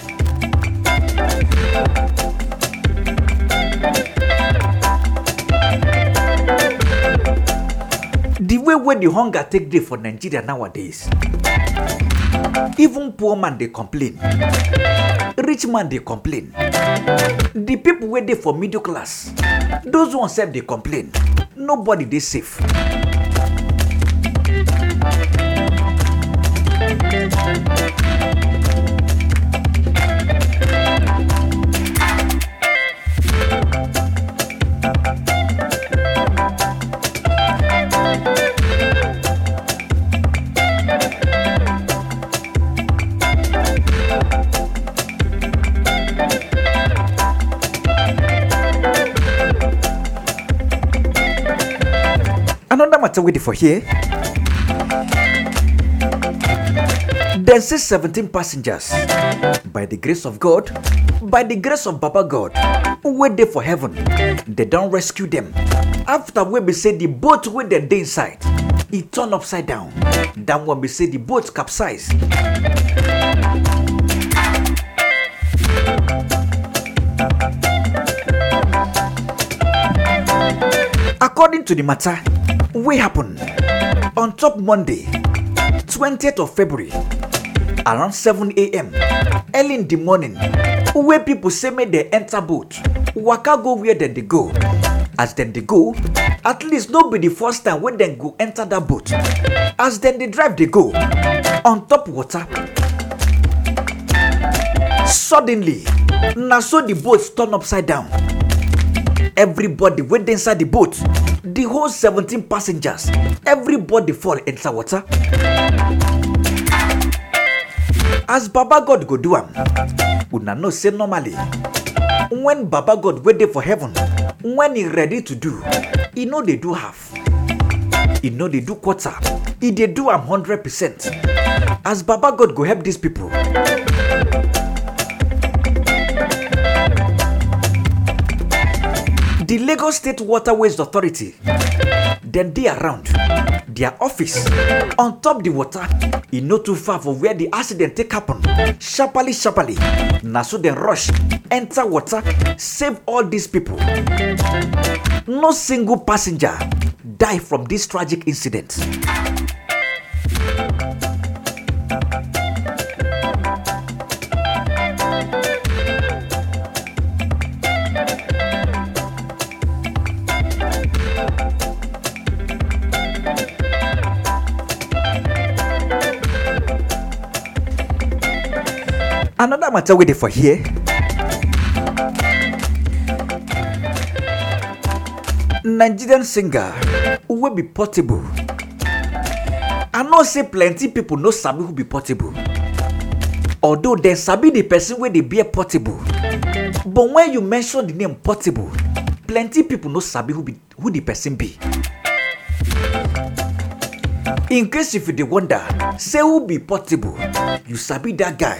the way where the hunger take dey for nigeria nowadays even poor man they complain rich man they complain the people where they for middle class those ones sef they complain nobody they safe. thank you Madam waiting for here. Then see 17 passengers. By the grace of God, by the grace of Baba God, wait there for heaven. They don't rescue them. After we be say the boat where they day inside, it e turn upside down. Then when we say the boat capsize. According to the matter, wey happen on top monday twentieth of february around seven am early in the morning wey people say make dem enter boat waka go where dem dey go as dem dey go at least no be the first time wey dem go enter that boat as dem dey drive dey go on top water suddenly na so the boat turn upside down everybody wey dey inside the boat The whole seventeen passengers everybody fall enter water as baba god go do am una know say normally When baba god wey dey for heaven when he ready to do he no dey do half He no dey do quarter He dey do am hundred percent as baba god go help these people. Lagos State Waterways Authority, then they around their office on top the water. E no too far from where the accident take happen. Sharply, sharply. Na so dem rush enter water, save all these people. No single passenger die from this tragic incident. another matter wey dey for here nigerian singer will be portable i know say plenty people know sabi who be portable although dem sabi the person wey dey bear portable but when you mention the name portable plenty people know sabi who be who the person be in case if you dey wonder say who be portable you sabi that guy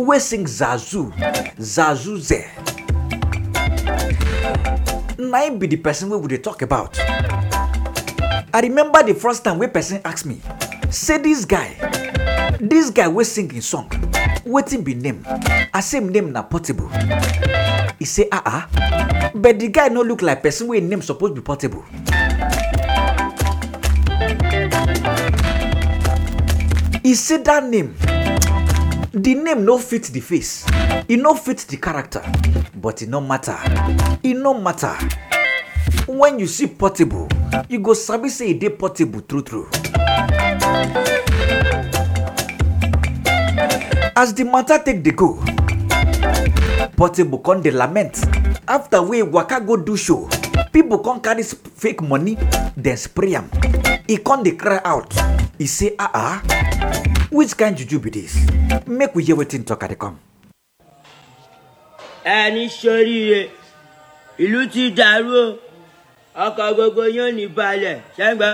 we sing Zazu, Zazu Ze. Now be the person we would talk about. I remember the first time when person ask me, say this guy, this guy we singing song, wetin be name? I say name na Portable. He say ah uh ah, -uh. but the guy no look like person wey name suppose be Portable. He say that name the name no fit the face it e no fit the character but it e no matter it e no matter when you see portable you go sabi say e dey portable true true. as the matter take dey go portable come dey lament after we waka go do show people come carry fake money then spray am He come dey cry out he say ah ah which kind juju be this? make we hear wetin talk dey come. ẹni ṣoríire ìlú ti dàrú o ọkọ̀ gbogbo yóò ní balẹ̀ ṣẹ́gbẹ́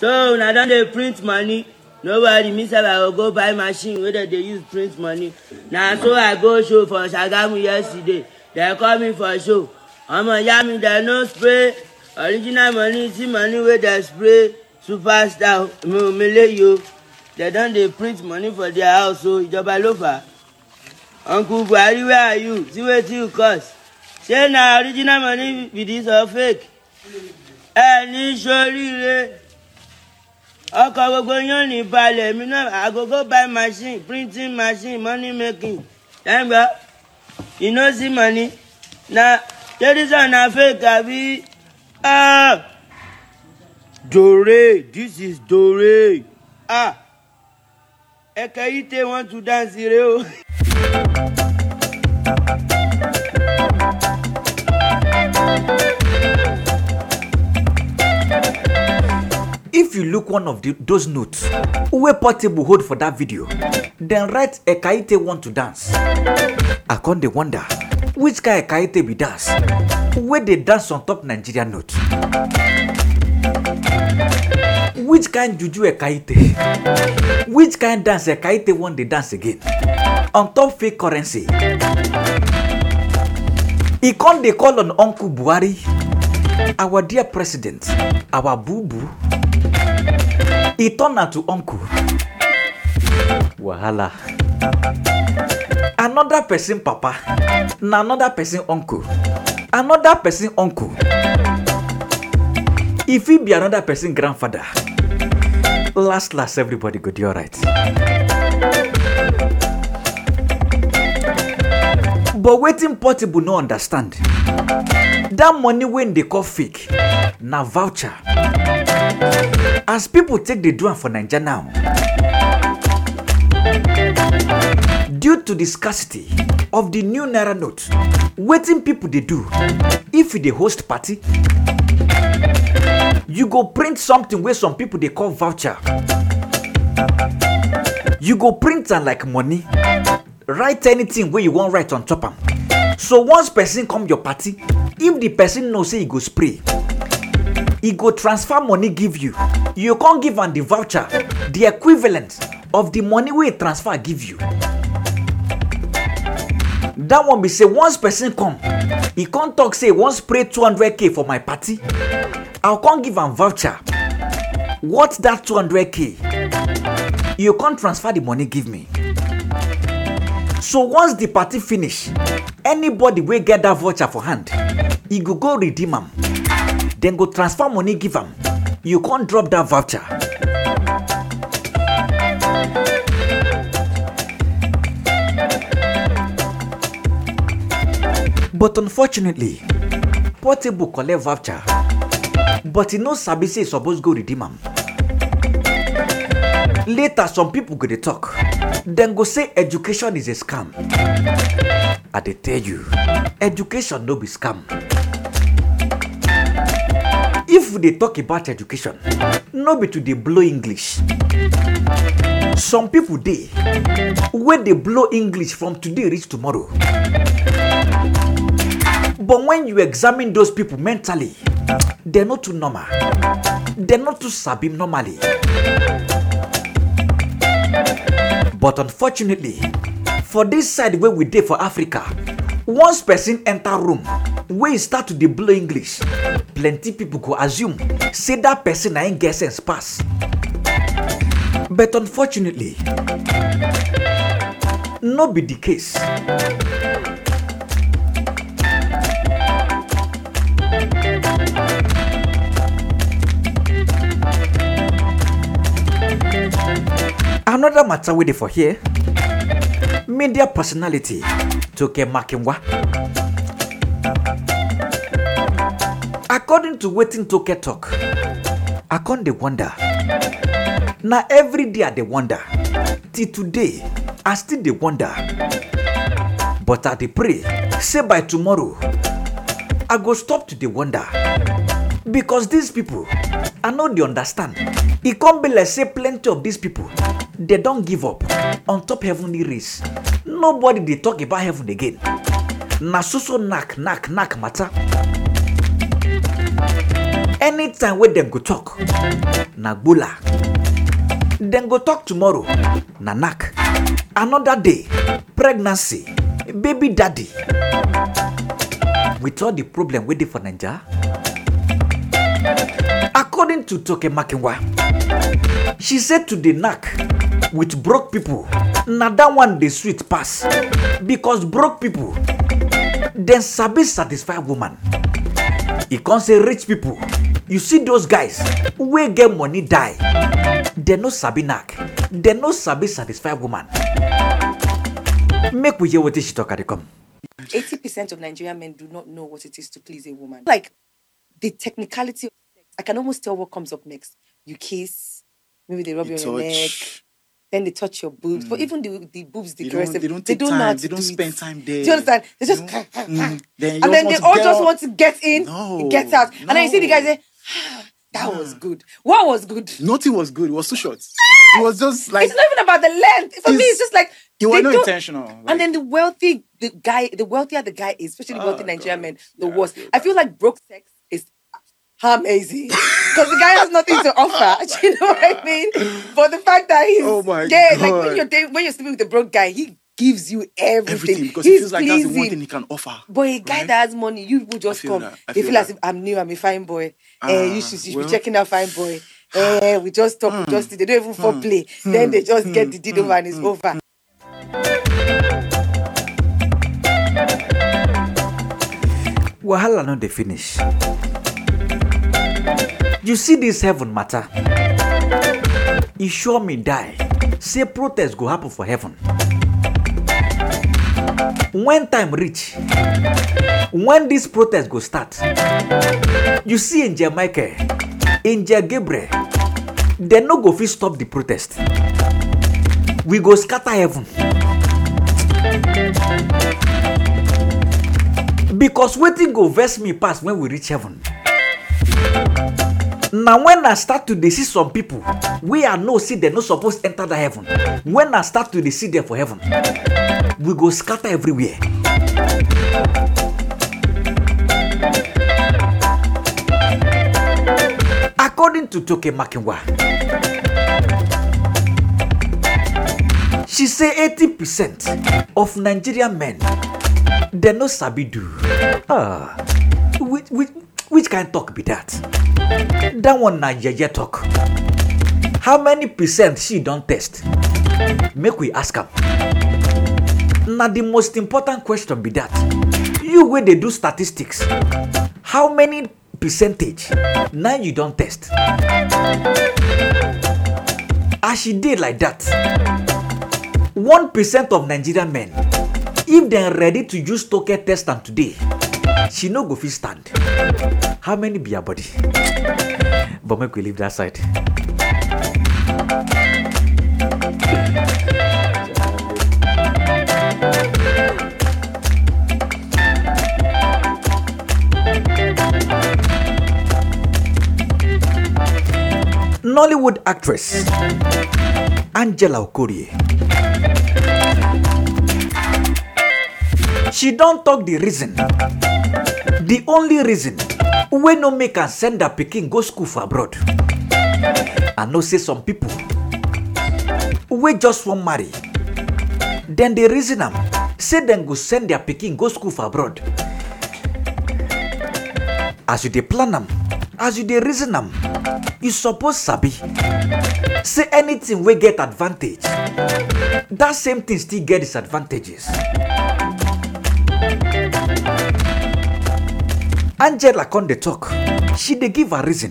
so una don dey print money nobody me sef i go go buy machine wey dem dey use print money na so i go show for sagamu yesterday dem call me for show ọmọ ìyá mi dem no spray original money see money wey dem spray superstar mi ò mi léyìí o they don dey print money for their house o ìjọba ló fà á uncle buhari where are you see wetin you cause ṣé na original money be this or fake ẹ ní sóríire ọkọ̀ gbogbo yóò ní balẹ̀ mi náà agogo buy machine printing machine money making tẹ́ǹgbọ́ you know see money na tẹ́lifíṣàn na fake àbí ah dore this is dore ah ẹ̀ka yìí tẹ wọ́n tún dáǹsì rẹ o. If you look one of the, those notes wey Portable hold for that video, then write Ekaete want to dance. I con dey wonder which kind Ekaete be dance wey dey dance on top Nigeria note which kind juju eka ite which kind dance eka ite wan dey dance again on top fake currency e come dey call on uncle buhari our dear president our bubu e turn am to uncle wahala another person papa na another person uncle another person uncle e fit be another person grandfather last, last, everybody good, you're right. But waiting portable no understand. That money when they call fake, na voucher. As people take the drone for Niger now, due to the scarcity of the new naira note, waiting people they do if they host party you go print something wey some people dey call voucher you go print am like money write anything wey you wan write on top am so once person come your party if the person know say e go spray e go transfer money give you you come give am the voucher the equivalent of the money wey e transfer give you that one be say once person come e come talk say e wan spray 200k for my party I'll come give am voucher. What that 200k? You can't transfer the money give me. So once the party finish, anybody will get that voucher for hand, he go go redeem am, then go transfer money give am. You can't drop that voucher. But unfortunately, Portable collect voucher but e no sabi say e suppose go redeem am later some people go dey talk dem go say education is a scam i dey tell you education no be scam if we dey talk about education no be to dey blow english some people dey wey dey blow english from today reach tomorrow but when you examine those people mentally They're not too normal. They're not too sabi normally. But unfortunately, for this side where we did for Africa, once person enter room wey e start to dey blow english plenty people go assume say that person na him get sense pass but unfortunately no be the case another matter wey dey for here media personality toke makinwa according to wetin toke talk i con dey wonder na every day they wonder till today i still dey wonder but i dey pray say by tomorrow i go stop to dey wonder because these people i know they understand e come be like say plenty of these people they don't give up on top heavenly race nobody dey talk about heaven again na so so knack knack knack matter anytime wey dem go talk na gbola dem go talk tomorrow na knack another day pregnancy baby daddy with all the problem wey dey for naija according to toke makinwa she say to dey knack with broke people na that one dey sweet pass because broke people dem sabi satisfy woman e come say rich people you see those guys wey get money die dem no sabi knack dem no sabi satisfy woman make we hear wetin she talk at the come. 80% of Nigerian men do not know what it is to please a woman. Like the technicality, I can almost tell what comes up next. You kiss, maybe they rub you, on your neck, Then they touch your boobs. Mm. But hmm. even the, the boobs, the they don't, they don't, they don't, time, they don't do spend it. time there. Do you understand? They just, mm. Then and then they all just want to get in, no, get out. And then you see the guy say, ah, that yeah. Hmm. was good. What was good? Nothing was good. It was too short. it was just like. It's not even about the length. For it's, me, it's just like. It was not intentional. Like, and then the wealthy the guy, the wealthier the guy is, especially oh, wealthy Nigerian God. men, the yeah, I feel like broke sex how amazing. Because the guy has nothing to offer. Do you know what I mean? But the fact that he's oh my yeah, God. like when you're when you're sleeping with the broke guy, he gives you everything. everything because he's he feels like pleasing. that's the one thing he can offer. But a guy right? that has money, you will just come. They feel, feel as if I'm new, I'm a fine boy. Uh, uh you ah, should, you should well, be checking out fine boy. Uh, we just talk, mm, just they don't even mm, foreplay. Mm, then they just mm, get hmm, the deal and it's hmm, over. Wahala well, no they finish. You see this heaven matter. E sure me die. Say protest go happen for heaven. When time reach, when this protest go start, you see Angel Michael, Angel Gabriel, they no go fit stop the protest. We go scatter heaven. Because waiting go vex me pass when we reach heaven na when i start to dey see some people wey i know say dem no suppose enter that heaven when i start to dey see dem for heaven we go scatter everywhere. according to toke makinwa she say eighty percent of nigerian men dem no sabi do. Ah which kind talk be that that one na yeye talk how many percent she don't test make we ask am na the most important question be that you where they do statistics how many percentage now you don't test as she did like that one percent of nigerian men if dem ready to use token test am today she no go fit stand how many be her body but make we leave that side. Nollywood actress Angela Okorie. She don't talk the reason the only reason wey no make am send her pikin go school for abroad i know say some people wey just wan marry dem dey reason am say dem go send their pikin go school for abroad as you dey plan am as you dey reason am you suppose sabi say anything wey get advantage that same thing still get disadvantages. angela come dey talk she dey give her reason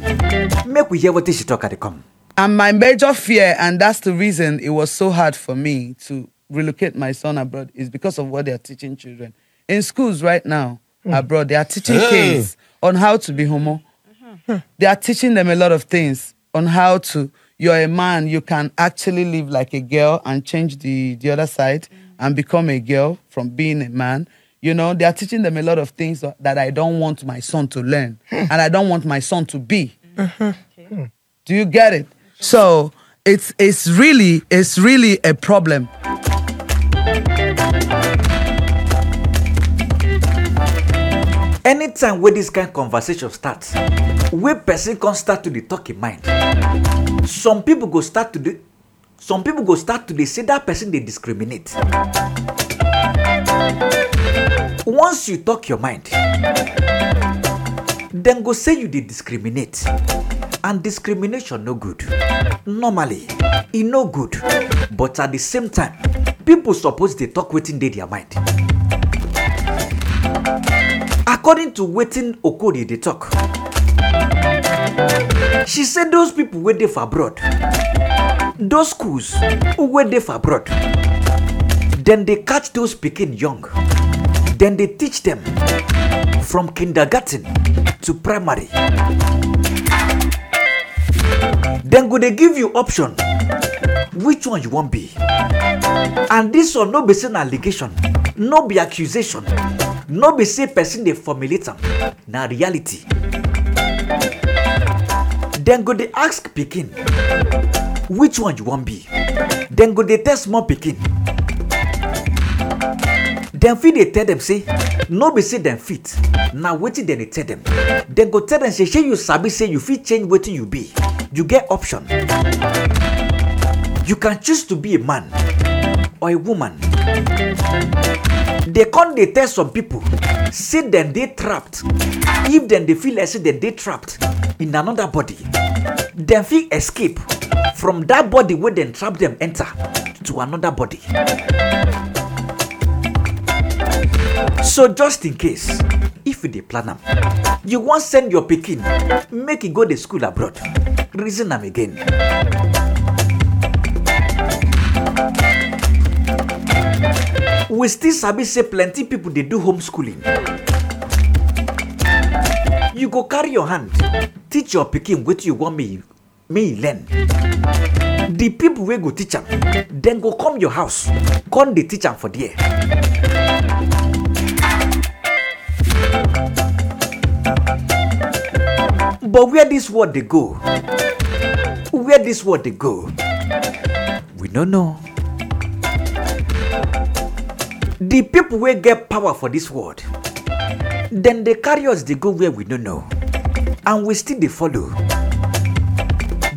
make we hear what she talk at the come. and my major fear and that's the reason it was so hard for me to relocate my son abroad is because of what they are teaching children in schools right now mm. abroad they are teaching hey. kids on how to be homo uh-huh. they are teaching them a lot of things on how to you're a man you can actually live like a girl and change the the other side mm. and become a girl from being a man you know, they are teaching them a lot of things that I don't want my son to learn hmm. and I don't want my son to be. Mm-hmm. Do you get it? So it's it's really it's really a problem. Anytime where this kind of conversation starts, where person can start to the talk in mind. Some people go start to the some people go start to the say that person they discriminate. once you talk your mind then go say you did discriminate and discrimination no good normally e no good but at the same time people suppose they talk waiting dey their mind according to waiting okorie they talk she said those people wey there for abroad those schools wey there for abroad Then they catch those picking young. Then they teach them from kindergarten to primary. Then go they give you option which one you want be. And this one no be say allegation, no be accusation, no be say person they formulate them. na reality. Then go they ask pikin which one you want be. Then go they test more pikin dem fit dey tell dem say no be say dem fit na wetin dem dey tell dem dem go tell dem say shey you sabi say you fit change wetin you be you get option you can choose to be a man or a woman dey come dey tell some people say dem dey trapped if dem dey feel like say dem dey trapped in another body dem fit escape from that body wey dem trap dem enter to another body so just in case if you dey plan am you wan send your pikin make e go dey school abroad reason am again. we still sabi say plenty people dey do homeschooling you go carry your hand teach your pikin wetin you wan make me e learn the people wey go teach am dem go come your house come dey teach am for there. But where this word they go? Where this word they go? We don't know. The people will get power for this word, then they carry us, they go where we don't know. And we still they follow.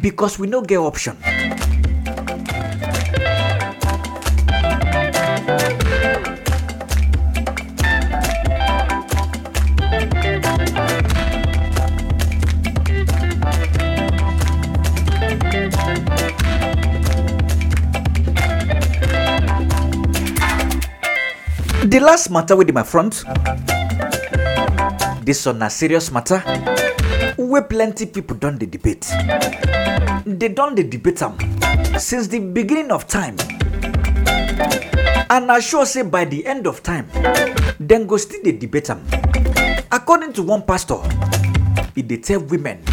Because we no get option. last matter with my front This one a serious matter where plenty people done the debate They done the debate am since the beginning of time and I sure say by the end of time dem go still the debate am according to one pastor he dey tell women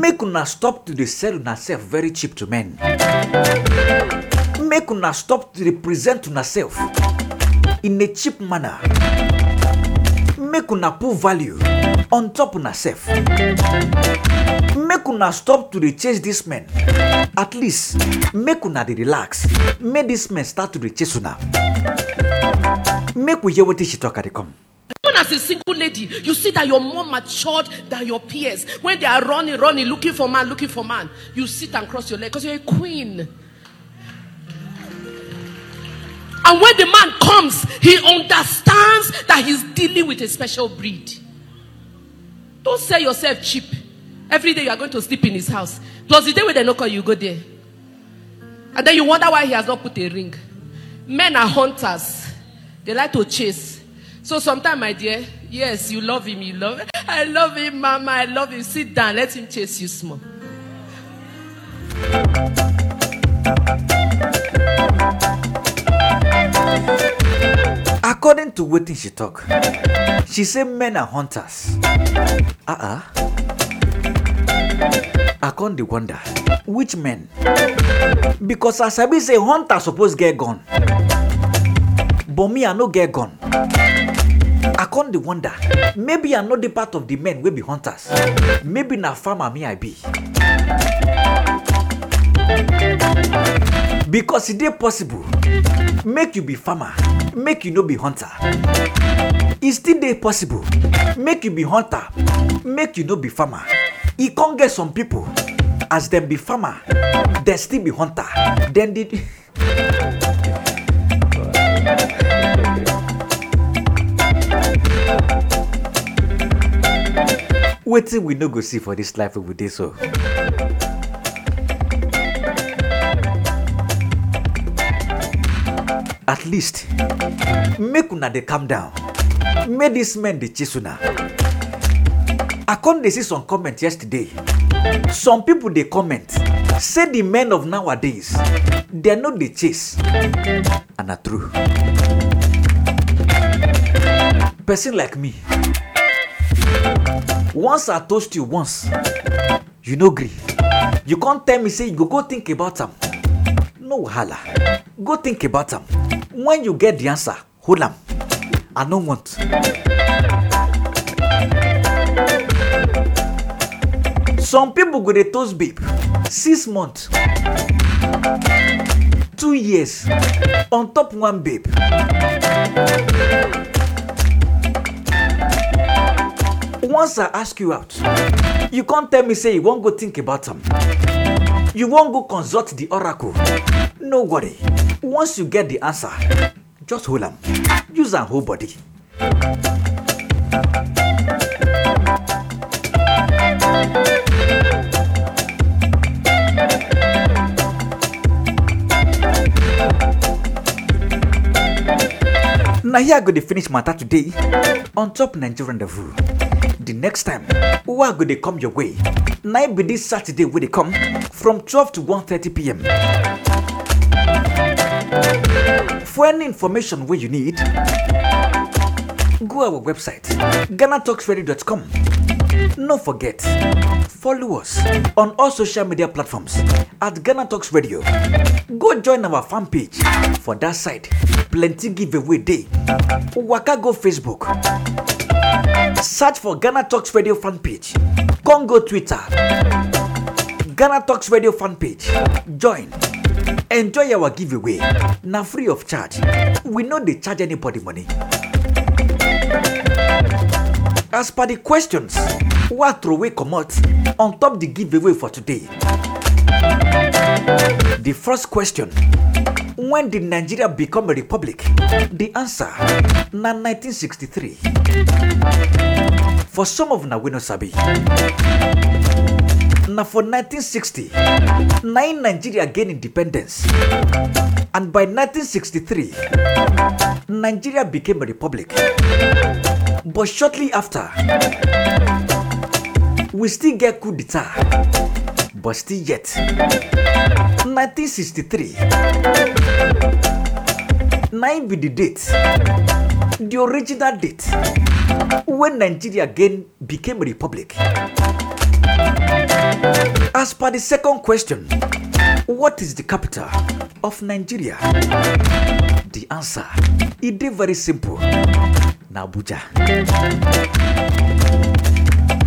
make una stop to dey sell una sef very cheap to men make una stop to represent present una in a cheap manner make una put value on top una sef make una stop to dey chase dis men at least make una dey relax make dis men start to dey chase una make we hear wetin she talk at the come. Even as a single lady, you see that you're more matured than your peers. When they are running, running, looking for man, looking for man, you sit and cross your leg because you're a queen. And when the man comes, he understands that he's dealing with a special breed. Don't sell yourself cheap. Every day you are going to sleep in his house. Plus the day when they knock on you, go there. And then you wonder why he has not put a ring. Men are hunters. They like to chase. So sometimes, my dear, yes, you love him, you love him. I love him, mama, I love him. Sit down, let him chase you small. according to wetin she talk she say men are hunters uh-uh. i con dey wonder which men because i sabi say hunter suppose get gun but me i no get gun i con dey wonder maybe i no dey part of the men wey be hunters maybe na farmer me i be because e dey possible make you be farmer make you no be hunter e still dey possible make you be hunter make you no be farmer e con get some pipo as dem be farmer dem still be hunter dem dey. wetin we no go see for dis life wey we dey so. at least make una dey calm down make dis men dey chase una i come dey see some comment yesterday some people dey comment say the men of nowadays dem no dey chase and na true person like me once i toast you once you no gree you come tell me say you go go think about am no wahala go think about am when you get the answer hold am i no want. some people go to toast babe six months two years on top one babe. once i ask you out you can't tell me say you won't go think about them you won't go consult the oracle no worry once you get the answer just hold am use am whole body. Now here i go to finish matter today on top nigeria rendezvous. the next time where would they come your way Night be this saturday wey they come from 12 to 1:30 pm for any information where you need go our website ghanatalksradio.com no forget follow us on all social media platforms at ghana talks radio go join our fan page for that site plenty giveaway day waka go facebook Search for Ghana Talks Radio fan page. Congo Twitter. Ghana Talks Radio fan page. Join. Enjoy our giveaway. Now free of charge. We know they charge anybody money. As per the questions, what throw away commot on top the giveaway for today? The first question When did Nigeria become a republic? The answer, na 1963. For some of na we no sabi. Na for 1960, nine Nigeria gained independence. And by 1963, Nigeria became a republic. But shortly after, we still get coup d'etat. Basti 1963 Nine be the date the original date when Nigeria again became a republic as per the second question what is the capital of Nigeria the answer it e is very simple Abuja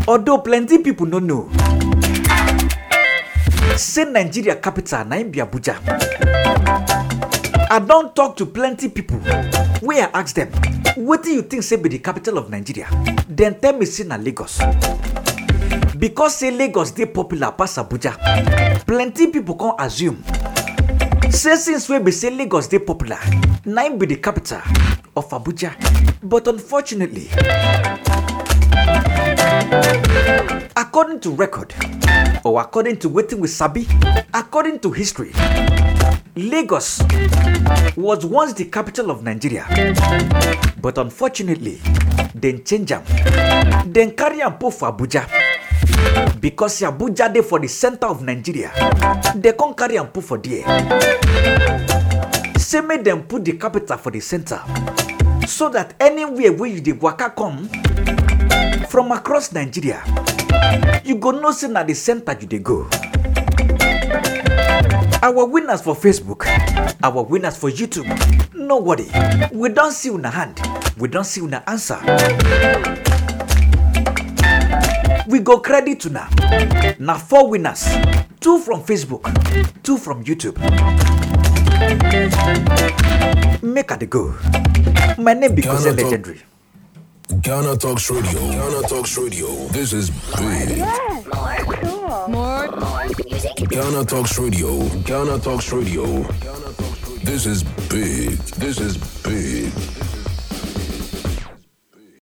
although plenty people don't know say nigeria capital na im be abuja i don talk to plenty people wey i ask dem wetin you think say be the capital of nigeria dem tell me say na lagos because say lagos dey popular pass abuja plenty people come assume say since wey be say lagos dey popular na im be the capital of abuja but unfortunately according to record or according to waiting with sabi according to history lagos was once the capital of nigeria but unfortunately dem change them. dem carry and put for abuja because abuja dey for the center of nigeria They can't carry and put for there say make dem put the capital for the center, so that anywhere wey you dey waka come from across nigeria you go know say na the center you dey go. our winners for facebook our winners for youtube Nobody, we don't see una hand we don't see una answer we go credit una na four winners two from facebook two from youtube make i dey go my name be kose legendary. Ghana Talks Radio. Ghana Talks Radio. This is big. Yes, more cool. More, more music. Ghana Talks Radio. Ghana Talks Radio. This is big. This is big.